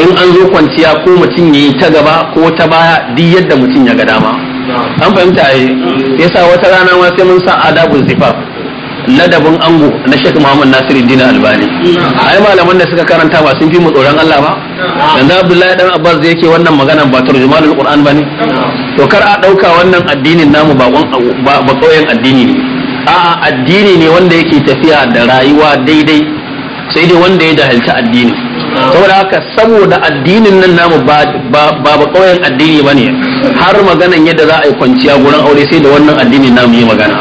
in an zo kwanciya ko mutum ya yi ta gaba ko ta baya duk yadda mutum ya ga dama an fahimta yi sa wata rana ma sai mun sa adabun zifa ladabin ango na shekaru Muhammad Nasiru Dina Albani ai malaman da suka karanta ba sun fi mu tsoron Allah ba yanzu Abdullahi dan Abbas da yake wannan magana ba turjumanul Qur'an ne? to kar a dauka wannan addinin namu ba ba kauyen addini ne a'a addini ne wanda yake tafiya da rayuwa daidai sai dai wanda ya jahilci addini saboda haka saboda addinin nan namu ba ba kauyen addini bane har maganan yadda za a yi kwanciya gurin aure sai da wannan addinin namu yi magana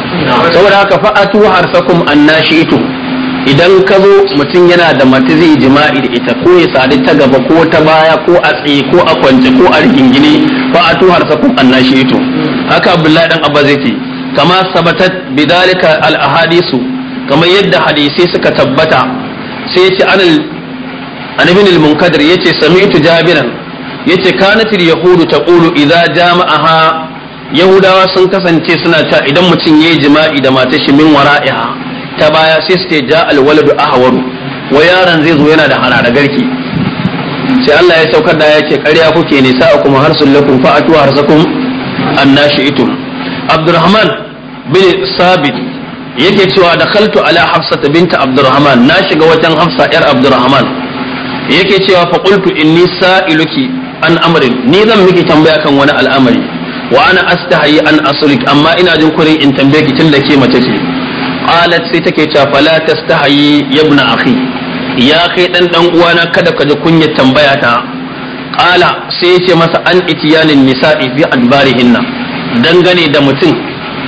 saboda haka fa'atu harsakum annashitu idan ka zo mutum yana da mace zai jima'i da ita ko ya sadi ta gaba ko ta baya ko a tsaye ko a kwance ko a rigingine fa'atu harsakum annashitu haka abdullahi dan abba zai ce kama sabatat bidalika al ahadisu kamar yadda hadisai suka tabbata sai ce anil an ibn al-munkadir yace sami'tu jabiran yace kanatil yahudu taqulu idza jama'aha yahudawa sun kasance suna ta idan mutum yayi jima'i da mata shi min wara'iha ta baya sai suke ja al-waladu ahwaru wa yaron zai zo yana da harara garki sai Allah ya saukar da yace karya ƙarya kuke ne sa'a kuma harsun lakum fa harsakum annashi'tum Abdurrahman bin Sabit yake cewa da khaltu ala Hafsa binta Abdurrahman na shiga wajen Hafsa yar Abdurrahman yake cewa fa qultu inni sa'iluki an amrin ni zan miki tambaya kan wani al'amari wa ana astahi an asulik amma ina jin kurin in tambaye ki tunda ke mace ce qalat sai take cewa fala tastahi yabna akhi ya kai dan dan uwana kada ka ji kunyar tambaya ta qala sai ya ce masa an itiyanin nisa'i bi adbarihinna dangane da mutum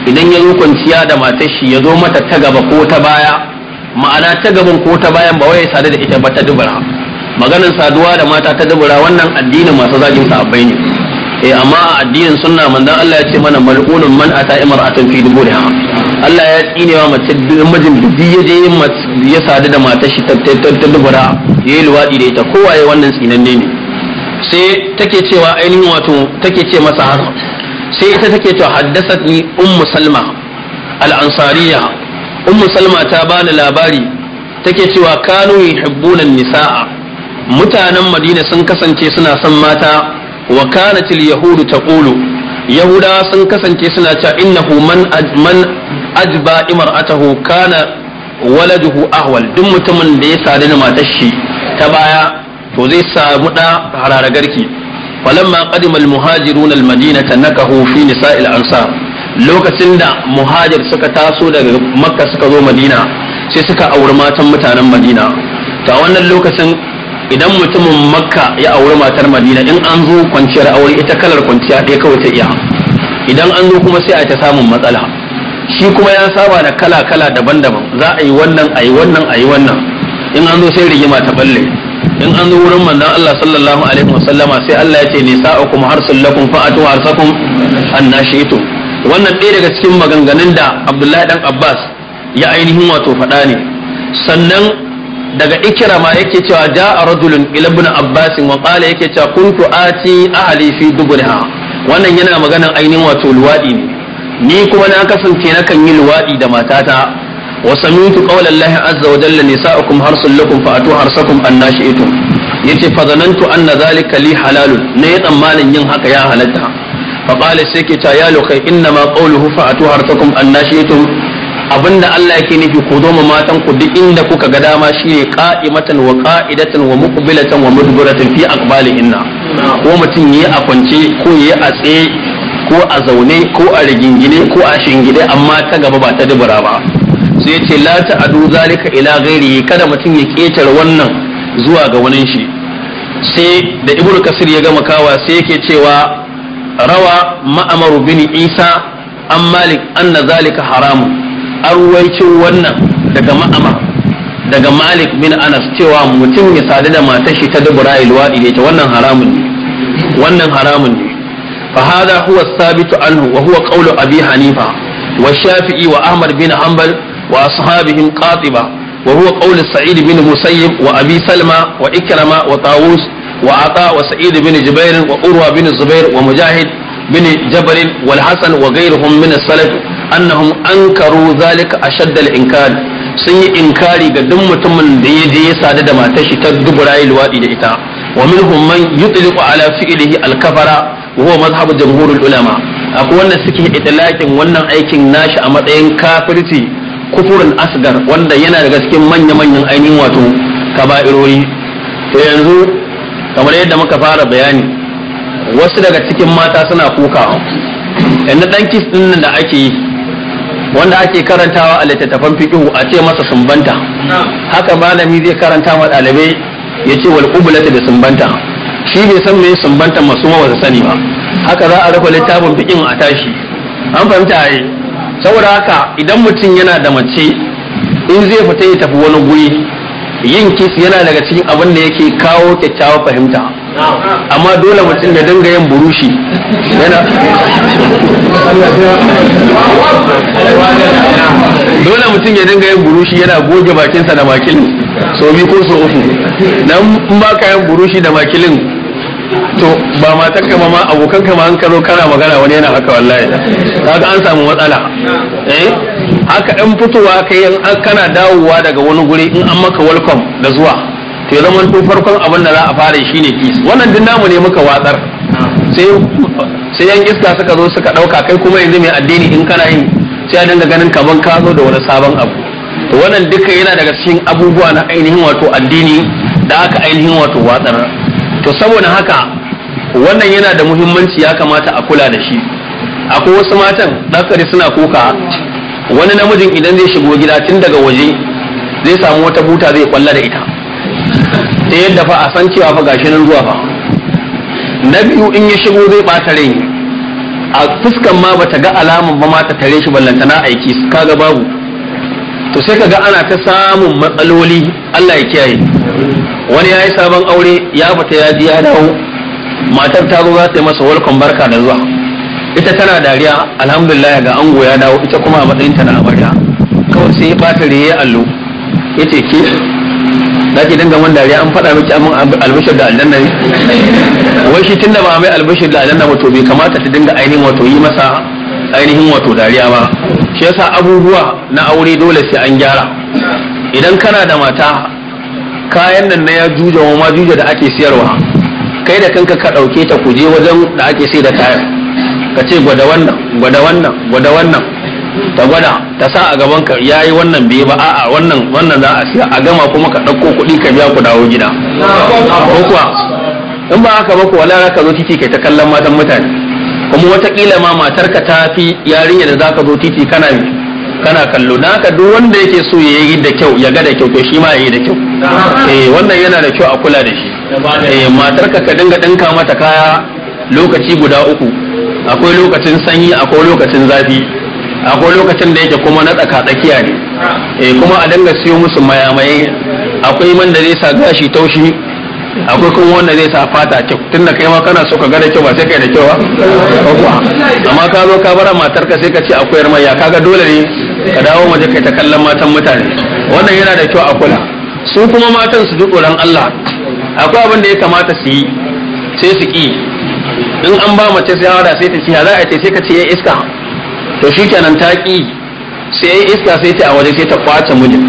idan ya yi kwanciya da matar shi ya zo mata ta gaba ko ta baya ma'ana ta gaban ko ta bayan ba wai sadu da ita ba ta dubara maganar saduwa da mata ta dubura wannan addinin masu zagin sahabbai ne eh amma addinin sunna manzon Allah ya ce mana mal'unun man ata imra'atan fi duburiha Allah ya tsinewa mace mijin da ya je ya sadu da matar shi ta dubura yayi luwadi da ita kowaye wannan tsinanne ne sai take cewa ainihin wato take ce masa har sai ita take cewa ni ummu salma al-ansariya ummu salma ta bani labari take cewa kanu yuhibbuna nisaa mutanen madina sun kasance suna son mata wa kanat yahudu Kulu. yahuda sun kasance suna cewa innahu man man ajba imra'atahu kana waladuhu ahwal duk mutumin da ya sadu da matar shi ta baya to zai samu da harara garki falamma qadima almuhajiruna almadinata nakahu fi nisa'il ansar lokacin da muhajir suka taso daga makka suka zo madina sai suka auri matan mutanen madina ta wannan lokacin idan mutumin makka ya auri matar madina in an zo kwanciyar aure ita kalar kwanciya ɗaya kawai ta iya idan an zo kuma sai a ta samun matsala shi kuma ya saba da kala kala daban-daban za a yi wannan a yi wannan a yi wannan in an zo sai rigima ta balle in an zo wurin manzon Allah sallallahu alaihi wasallama sai Allah ya ce har harsul lakum fa'atu harsakum annashitu wannan ɗaya daga cikin maganganun da Abdullahi dan Abbas ya ainihin wato faɗa ne sannan daga ikirama yake cewa a rajulun ila ibn abbas wa qala yake cewa kuntu ati ahli fi dubriha wannan yana maganan ainihin wato luwadi ne ni kuma na kasance na kan yi luwadi da matata wa samitu qawlallahi azza wa jalla nisa'ukum harsul lakum fa atu harsakum annashi'tum yace fa zanantu anna zalika li halalun ne tsammanin yin haka ya halatta fa qala sai ke ta ya lokai inna ma qawluhu fa atu harsakum annashi'tum abinda Allah yake nufi ku zo matan ku duk inda kuka ga dama shine qa'imatan wa qa'idatan wa muqbilatan wa mudbiratan fi inna ko mutum yayi a kwance ko yayi a tsaye ko a zaune ko a rigingine ko a shingide amma ta gaba ba ta dubura ba sai yace lata la ta'adu zalika ila ghairi kada mutum ya ketare wannan zuwa ga wani shi sai da ibnu kasir ya gama kawa sai yake cewa rawa ma'amaru bin isa an malik anna zalika haramun arwaicin wannan daga ma'ama daga malik bin anas cewa mutum ya sadu da matar shi ta dubura ilwaɗi da ita wannan haramun ne wannan haramun ne fa hada huwa sabitu anhu wa huwa qawlu abi hanifa wa shafi'i wa ahmad bin hanbal wa ashabihim qatiba wa huwa qawlu sa'id bin musayyib wa abi salma wa ikrama wa tawus wa ata wa sa'id bin jubair wa urwa bin zubair wa mujahid bin jabal wal hasan wa ghayrihim min as-salaf annahum ankaru zalika a al-inkar sun yi inkari ga duk mutumin da ya je ya sadu da matar shi ta dubura luwaɗi da ita wa minhum man yutliqu ala fi'lihi al-kafara wa huwa madhhabu jumhurul ulama akwai wanda suke itlaqin wannan aikin nashi a matsayin kafirci kufurin asgar wanda yana da cikin manya-manyan ainihin wato kaba'irori to yanzu kamar yadda muka fara bayani wasu daga cikin mata suna kuka yanzu ɗan kis ɗin da ake yi wanda ake karantawa a littattafan fiqhu a ce masa sumbanta haka malami zai karanta wa ɗalibai ya ce wal da sumbanta shi bai san me sumbanta masu ma sani ba haka za a rufe littafin fiqhin a tashi an fahimta ai saboda haka idan mutum yana da mace in zai fita ya tafi wani guri yin kis yana daga cikin abin da yake kawo kyakkyawar fahimta amma dole mutum ya dinga yin burushi yana dole mutum ya dinga yin burushi yana goge bakinsa da makilin so bi ko so uku nan ba ka yin burushi da makilin to ba ma ta kama ma abokan ka an karo kana magana wani yana haka wallahi kaga an samu matsala eh haka dan fitowa kai in kana dawowa daga wani guri in an maka welcome da zuwa sai ya zama farkon abin da za a fara shi ne kis wannan din namu ne muka watsar sai yan iska suka zo suka ɗauka kai kuma yanzu mai addini in kana yin sai a dinga ganin kaman ka zo da wani sabon abu to wannan duka yana daga cikin abubuwa na ainihin wato addini da aka ainihin wato watsar to saboda haka wannan yana da muhimmanci ya kamata a kula da shi akwai wasu matan dakari suna kuka wani namijin idan zai shigo gida tun daga waje zai samu wata buta zai kwalla da ita da yadda fa a san cewa fa gashi nan zuwa fa na biyu in ya shigo zai ɓata rai a fuskan ma bata ga alamun ba ma ta tare shi ballantana aiki kaga babu to sai kaga ana ta samun matsaloli Allah ya kiyaye wani ya yi sabon aure ya fita ya ji ya dawo matar ta zo za ta yi masa walkon barka da zuwa ita tana dariya alhamdulillah ga ango ya dawo ita kuma a matsayin ta na amarya kawai sai ya bata riye allo yace ke da ke dinga man dariya an faɗa miki amin albashir da aljanna ne wai shi tunda ba mai da aljanna wato bai kamata ta dinga ainihin wato yi masa ainihin wato dariya ba shi yasa abubuwa na aure dole sai an gyara idan kana da mata kayan nan na ya juja wa ma juja da ake siyarwa kai da kanka ka ɗauke ta kuje wajen da ake sai da kayan ka ce gwada wannan gwada wannan gwada wannan ta gwada ta sa a gaban ka yayi wannan bai ba a'a wannan wannan za a siya a gama kuma ka ɗauko kuɗi ka biya ku dawo gida ko kuwa in ba haka ba ku wala ka zo titi kai ta kallon matan mutane kuma wataƙila ma matar ka ta fi yarinya da zaka zo titi kana kana kallo na ka duk wanda yake so ya yi da kyau ya ga da kyau to shi ma ya yi da kyau eh wannan yana da kyau a kula da shi eh matar ka ka dinga dinka mata kaya lokaci guda uku akwai lokacin sanyi akwai lokacin zafi akwai lokacin da yake kuma na tsaka tsakiya ne eh kuma a dinga siyo musu mayamai akwai man da zai sa gashi taushi akwai kuma wanda zai sa fata kyau tunda kai ma kana so ka ga da kyau ba sai kai da kyau ba amma ka zo ka bara matar ka sai ka ce akwai yarmaya kaga dole ne ka dawo waje kai ta kallon matan mutane wannan yana da kyau a kula su kuma matan su ji tsoron Allah akwai abin da ya kamata su yi sai su ki in an ba mace sai hawa sai ta ci za a ce sai ka ce ya iska to shikenan ta ki sai iska sai ta a waje sai ta kwace mijin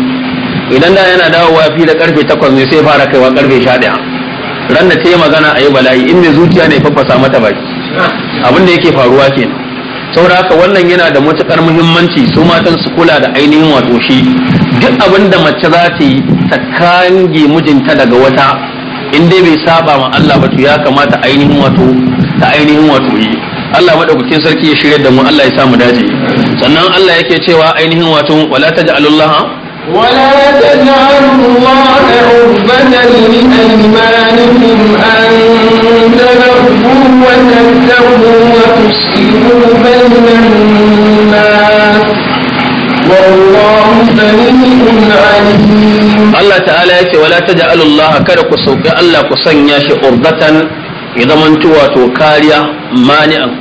idan da yana wa fi da karfe takwas ne sai fara kaiwa karfe 11 ran da ta yi magana a yi bala'i in mai zuciya ne fafasa mata baki abin da yake faruwa kenan saboda haka wannan yana da matukar muhimmanci su matan su kula da ainihin wato shi duk abin da mace za ta yi ta kange mijinta daga wata in dai bai saba ma Allah ba to ya kamata ainihin wato ta ainihin wato yi Allah madaukakin sarki ya shirya da mu Allah ya sa mu daji sannan Allah yake cewa ainihin wato wala taj'alullaha wala taj'alullaha ubbatan li aymanikum an tabu wa tatqu wa tusiru bayna Allah ta'ala ya ce wala taj'alullaha kada ku sauke Allah ku sanya shi urbatan ya zama wato kariya mani'an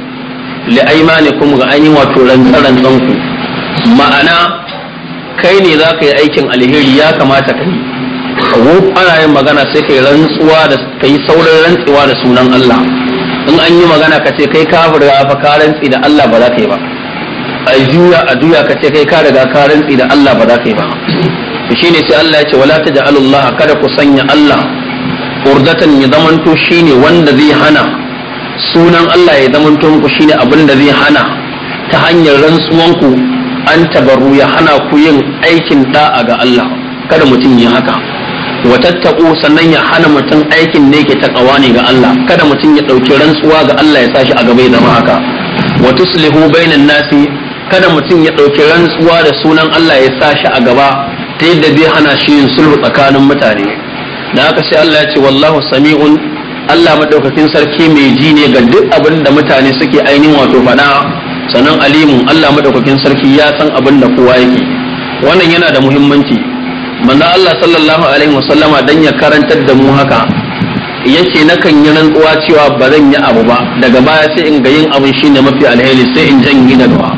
li aymanikum ga yi wato rantsaran ku ma'ana kai ne za ka yi aikin alheri ya kamata ka yi ana yin magana sai kai rantsuwa da kai saurin rantsuwa da sunan Allah in an yi magana ka ce kai kafir ya fa ka da Allah ba za ka yi ba a juya a juya ka ce kai ka riga ka rantsi da Allah ba za ka yi ba to shine sai Allah ya ce wala tajalullaha kada ku sanya Allah urdatan ya zamanto shine wanda zai hana sunan Allah ya zama muku shine abin da zai hana ta hanyar rantsuwanku an tabaru ya hana ku yin aikin da'a ga Allah kada mutum yi haka wa sannan ya hana mutum aikin ne ke takawa ne ga Allah kada mutum ya ɗauki rantsuwa ga Allah ya sashi a gaba ya zama haka wa tuslihu bainan nasi kada mutum ya ɗauki rantsuwa da sunan Allah ya sashi a gaba ta yadda zai hana shi yin sulhu tsakanin mutane da haka sai Allah ya ce wallahu sami'un Allah madaukakin sarki mai ji ne ga duk abin da mutane suke ainihin wato faɗa sannan alimu Allah madaukakin sarki ya san abin da kowa yake wannan yana da muhimmanci manzo Allah sallallahu alaihi wasallama dan ya karantar da mu haka yace nakan yi rantsuwa cewa ba zan yi abu ba daga baya sai in ga yin abin shine mafi alheri sai in janye da du'a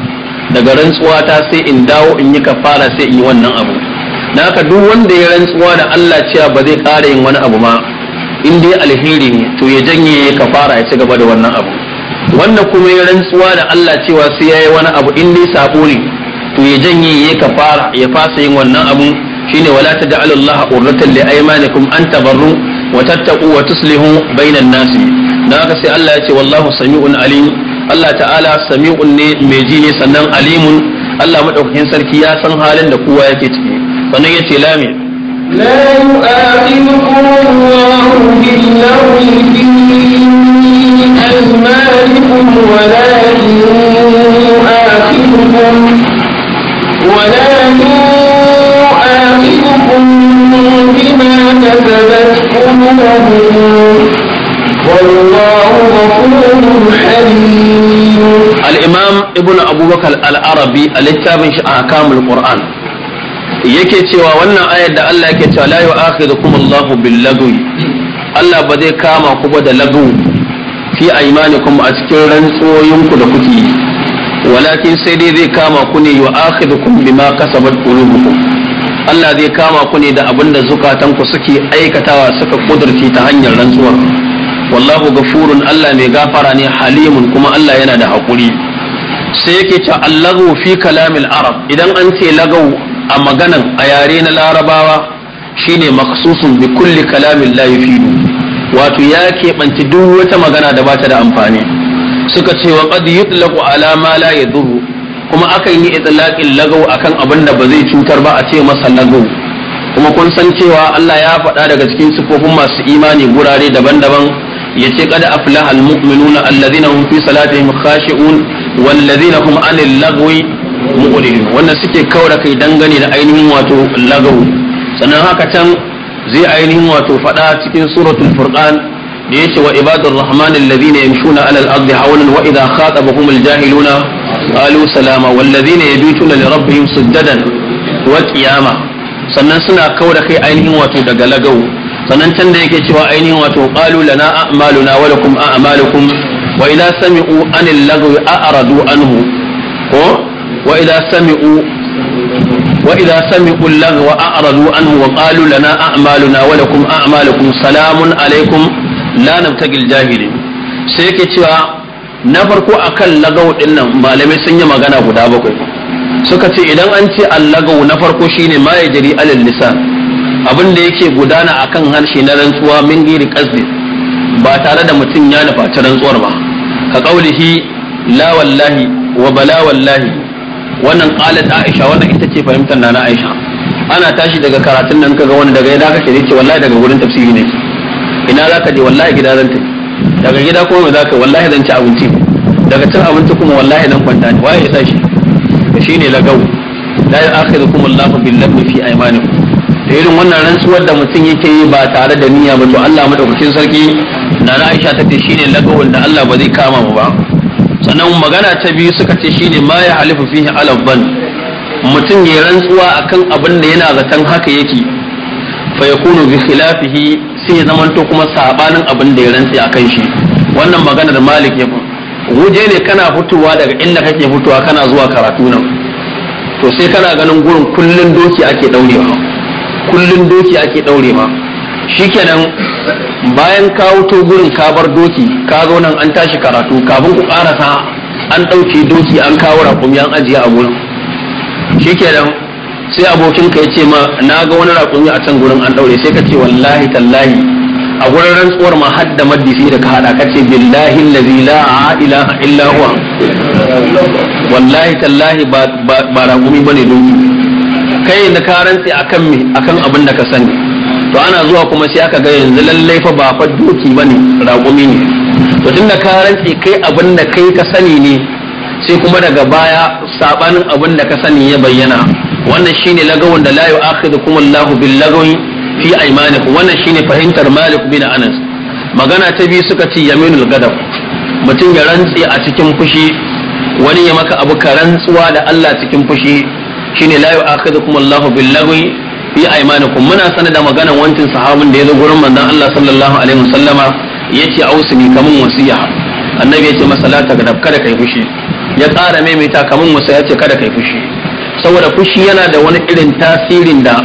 daga rantsuwa ta sai in dawo in yi kafara sai in yi wannan abu naka haka duk wanda ya rantsuwa da Allah cewa ba zai ƙara yin wani abu ba in dai alheri ne to ya janye ka fara ya ci gaba da wannan abu Wannan kuma ya rantsuwa da Allah cewa sai yayi wani abu in dai sabo ne to ya janye ya fara ya fasa yin wannan abu shine wala ta Allah urratan li aymanikum an tabarru wa tattaqu wa tuslihu bainan nas dan haka sai Allah ya ce wallahu sami'un alim Allah ta'ala sami'un ne mai ji ne sannan alimun Allah madaukakin sarki ya san halin da kowa yake ciki sannan ya ce lamin لا يؤاخذكم الله باللغو في أزمانكم ولكن يؤاخذكم ولكن يؤاخذكم بما كسبت قلوبكم والله غفور حليم الإمام ابن أبو بكر العربي الكتاب أحكام القرآن yake cewa wannan ayar da Allah yake cewa la yu'akhidhukum Allahu bil lagwi Allah ba zai kama ku ba da lagu fi aymanikum a cikin rantsoyinku da kuke yi walakin sai dai zai kama ku ne yu'akhidhukum bima kasabat qulubukum Allah zai kama ku ne da abinda zukatanku suke aikatawa suka kudurci ta hanyar rantsuwar wallahu gafurun Allah mai gafara ne halimun kuma Allah yana da haƙuri sai yake ce allagu fi kalamil arab idan an ce lagau a maganan a yare na larabawa shine makasusun bi kulli kalamin la wato ya keɓanci duk wata magana da bata da amfani suka ce wa qad yutlaqu ala ma la yadurru kuma akan yi itlaqin lagaw akan abin da ba zai cutar ba a ce masa lagaw kuma kun san cewa Allah ya faɗa daga cikin sifofin masu imani gurare daban-daban yace kada aflaha almu'minuna alladhina hum fi salatihim khashi'un walladhina hum 'anil lagwi mu'ulin wannan suke kaura kai dangane da ainihin wato lagawu sannan haka can zai ainihin wato faɗa cikin suratul furqan da yace wa ibadur rahman alladhina yamshuna ala al-ardi hawlan wa idha khatabahum al-jahiluna qalu salama walladhina yabituna li rabbihim sujadan wa qiyama sannan suna kaura kai ainihin wato daga lagawu sannan can da yake cewa ainihin wato qalu lana a'maluna wa lakum a'malukum wa idha sami'u anil lagwi a'radu anhu ko وإذا سمعوا وإذا سمعوا اللغو أعرضوا عنه وقالوا لنا أعمالنا ولكم أعمالكم سلام عليكم لا نبتغي الجاهلين سيكي تشوى na farko akan lagau ɗinnan nan malamai sun yi magana guda bakwai suka ce idan an ce allagau na farko shine ma ya jari alal lisan abin da yake gudana akan harshe na rantsuwa min giri kasdi ba tare da mutum ya ta rantsuwar ba ka kaulihi la wallahi wa bala wallahi wannan qalat aisha wannan ita ce fahimtar nana aisha ana tashi daga karatun nan kaga wani daga gida kake ce wallahi daga gurin tafsiri ne ina zaka je wallahi gida zan tafi daga gida kuma me zaka wallahi zan ci abinci daga cin abinci kuma wallahi zan kwanta ne waye yasa shi shine lagau la ya'khudhukum Allahu bil laghwi fi aymanikum da irin wannan rantsuwar da mutum yake yi ba tare da niyya ba to Allah madaukakin sarki Nana Aisha ta ce shine lagawun da Allah ba zai kama mu ba sannan magana ta biyu suka ce shine ma ya halifu fihi ban. mutum ya rantsuwa akan abin da yana zaton haka yake fa yakunu bi khilafihi sai ya zamanto kuma sabanin abin da ya rantsi akan shi wannan magana da malik ya guje ne kana fitowa daga inda kake fitowa kana zuwa karatu nan to sai kana ganin gurin kullun doki ake daurewa kullun doki ake daurewa shikenan bayan ka wuto gurin ka bar doki ka zo nan an tashi karatu kafin ku karasa an ɗauke doki an kawo raƙumi an ajiye a gurin shikenan sai abokin ka ce ma na ga wani raƙumi a can gurin an ɗaure sai ka ce wallahi tallahi a gurin rantsuwar ma har da maddisi da ka haɗa ka ce billahi lazi la ilaha illa huwa wallahi tallahi ba raƙumi bane doki kai da ka rantse akan me akan abin da ka sani to ana zuwa kuma sai aka ga yanzu lallai fa ba fa doki bane raƙumi ne to tunda ka rantsi kai abin da kai ka sani ne sai kuma daga baya sabanin abin da ka sani ya bayyana wannan shine lagawun da la yu'akhidhukum Allahu bil lagawi fi aymanikum wannan shine fahimtar Malik bin Anas magana ta biyu suka ci yaminul gadab mutum ya rantsi a cikin fushi wani ya maka abu ka rantsuwa da Allah cikin fushi shine la yu'akhidhukum Allahu bil lagawi fi aymanikum muna sanar da maganan wancin sahabin da ya zo gurin manzon Allah sallallahu alaihi wasallama yace ausini kaman wasiya annabi yace masalata ga tagdab kada kai fushi ya mai maimaita kaman wasa yace kada kai fushi saboda fushi yana da wani irin tasirin da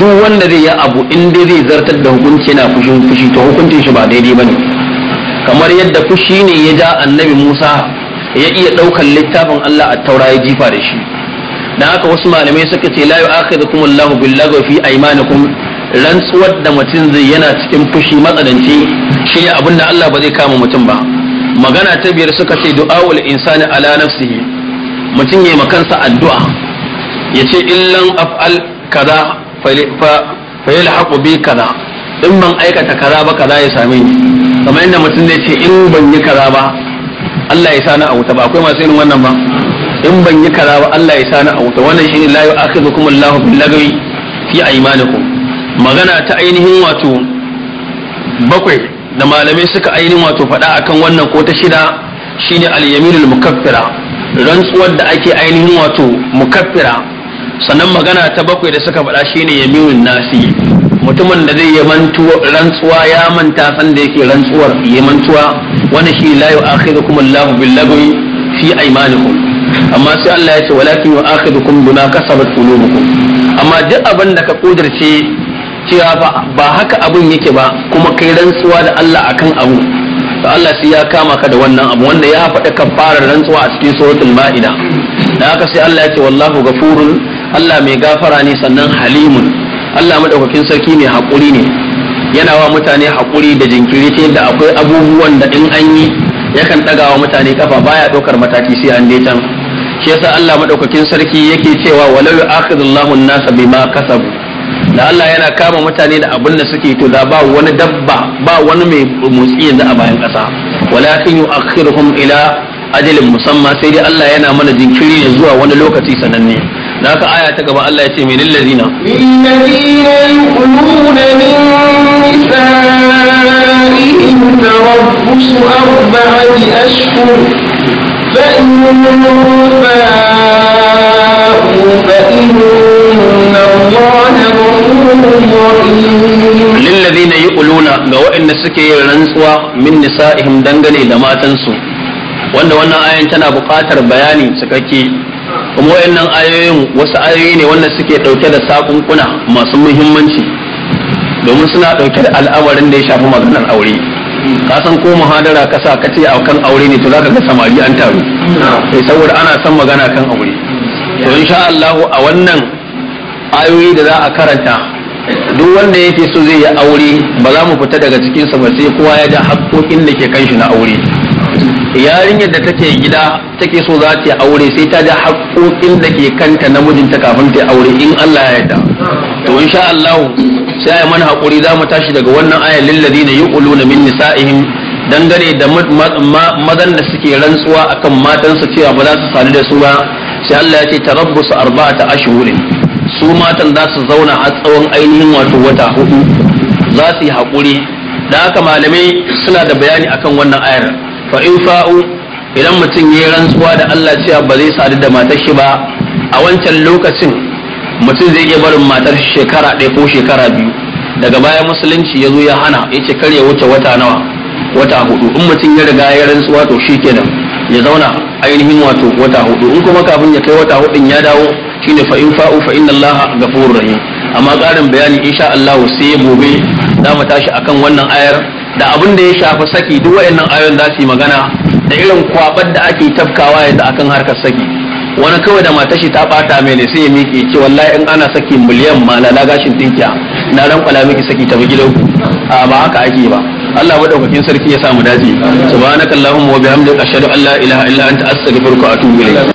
duk wanda zai yi abu in dai zai zartar da hukunci yana fushin fushi to hukuncin shi ba daidai bane kamar yadda fushi ne ya ja annabi Musa ya iya ɗaukan littafin Allah a taura ya jifa da shi da haka wasu malamai suka ce la yu'akhidhukum Allahu billaghwi fi aymanikum rantsuwar da mutum zai yana cikin fushi matsananci shi ne abin da Allah ba zai kama mutum ba magana ta biyar suka ce du'a'ul insani ala nafsihi mutum yayi makansa addu'a yace illan af'al kaza fa yalhaqu bi kaza in ban aikata kaza ba kaza ya same ni kamar yadda mutum zai ce in ban yi kaza ba Allah ya sani a wuta ba akwai masu irin wannan ba in ban yi kaza ba Allah ya sani a wuta wannan shine la ya'khudhukum Allahu bil lagwi fi aymanikum magana ta ainihin wato bakwai da malamai suka ainihin wato faɗa akan wannan ko ta shida shine al-yaminul mukaffira rantsuwar da ake ainihin wato mukaffira sannan magana ta bakwai da suka faɗa shine yaminun nasi mutumin da zai yamantu rantsuwa ya manta san da yake rantsuwar yamantuwa wannan shi la ya'khudhukum Allahu bil lagwi fi aymanikum amma sai Allah ya ce walakin wa akhidukum bima kasabat qulubukum amma duk abin da ka kudirce cewa ba haka abin yake ba kuma kai rantsuwa da Allah akan abu to Allah sai ya kama ka da wannan abu wanda ya faɗa kafarar rantsuwa a cikin suratul ma'ida da haka sai Allah ya ce wallahu ghafurun Allah mai gafara ne sannan halimun Allah madaukakin sarki mai haƙuri ne yana wa mutane haƙuri da jinkiri ta yadda akwai abubuwan da in an yi yakan ɗaga wa mutane kafa baya ɗaukar mataki sai an dai can shi yasa Allah madaukakin sarki yake cewa walau yu'akhidullahu an-nasa bima kasabu da Allah yana kama mutane da abin da suke to da ba wani dabba ba wani mai motsi yanzu a bayan ƙasa walakin yu'akhiruhum ila ajalin musamma sai dai Allah yana mana jinkiri ne zuwa wani lokaci sananne da haka aya ta gaba Allah ya ce menil ladina lillazina yuquluna min nisa'ihim tarabbusu arba'ati ashhur lillazina yuquluna ga waɗanda suke yin rantsuwa min nisa'ihim dangane da matansu wanda wannan ayan tana buƙatar bayani cikakke kuma waɗannan ayoyin wasu ayoyi ne wanda suke ɗauke da sakunkuna masu muhimmanci domin suna ɗauke da al'amarin da ya shafi maganar aure ka san ko muhadara ka sa kace a kan aure ne to ka ga samari an taru sai eh, saboda ana san magana kan aure to insha Allah a wannan ayoyi da za a karanta duk wanda yake so zai yi aure ba za mu fita daga cikin sa ba sai kowa ya da haƙƙoƙin da ke kan shi na aure yarinyar da take gida take so za ta aure sai ta da haƙƙoƙin da ke kanta namijinta kafin ta aure in Allah ya yarda to sha Allah sai ai mana hakuri za mu tashi daga wannan ayar lil ladina yuquluna min nisa'ihim dangane da mazan da suke rantsuwa akan su cewa ba za su sadu da su ba sai Allah ya ce tarabbusu arba'ata ashhurin su matan za su zauna a tsawon ainihin wato wata hudu za su yi hakuri da haka malamai suna da bayani akan wannan ayar fa in fa'u idan mutum ya rantsuwa da Allah cewa ba zai sadu da matar shi ba a wancan lokacin mutum zai iya barin matar shekara ɗaya ko shekara biyu daga baya musulunci ya zo ya hana ya ce kar ya wuce wata nawa wata hudu in mutum ya riga ya rantsu wato shi kenan ya zauna ainihin wato wata hudu in kuma kafin ya kai wata hudu ya dawo shine fa in fa'u fa inna allaha ghafurur rahim amma ƙarin bayani insha Allah sai gobe za mu tashi akan wannan ayar da abin da ya shafi saki duk waɗannan ayoyin za su yi magana da irin kwabar da ake tafkawa yanzu akan harkar saki wani kawai da matashi ta bata mai ne sai ya miƙe ce wallahi in ana saki miliyan ma lala gashin dinkiya na ran kwala miki saki ta bugi uku. a ba haka ake ba Allah madaukakin sarki ya samu daji. subhanakallahumma wa bihamdika ashhadu an la ilaha illa anta astaghfiruka wa atubu ilayk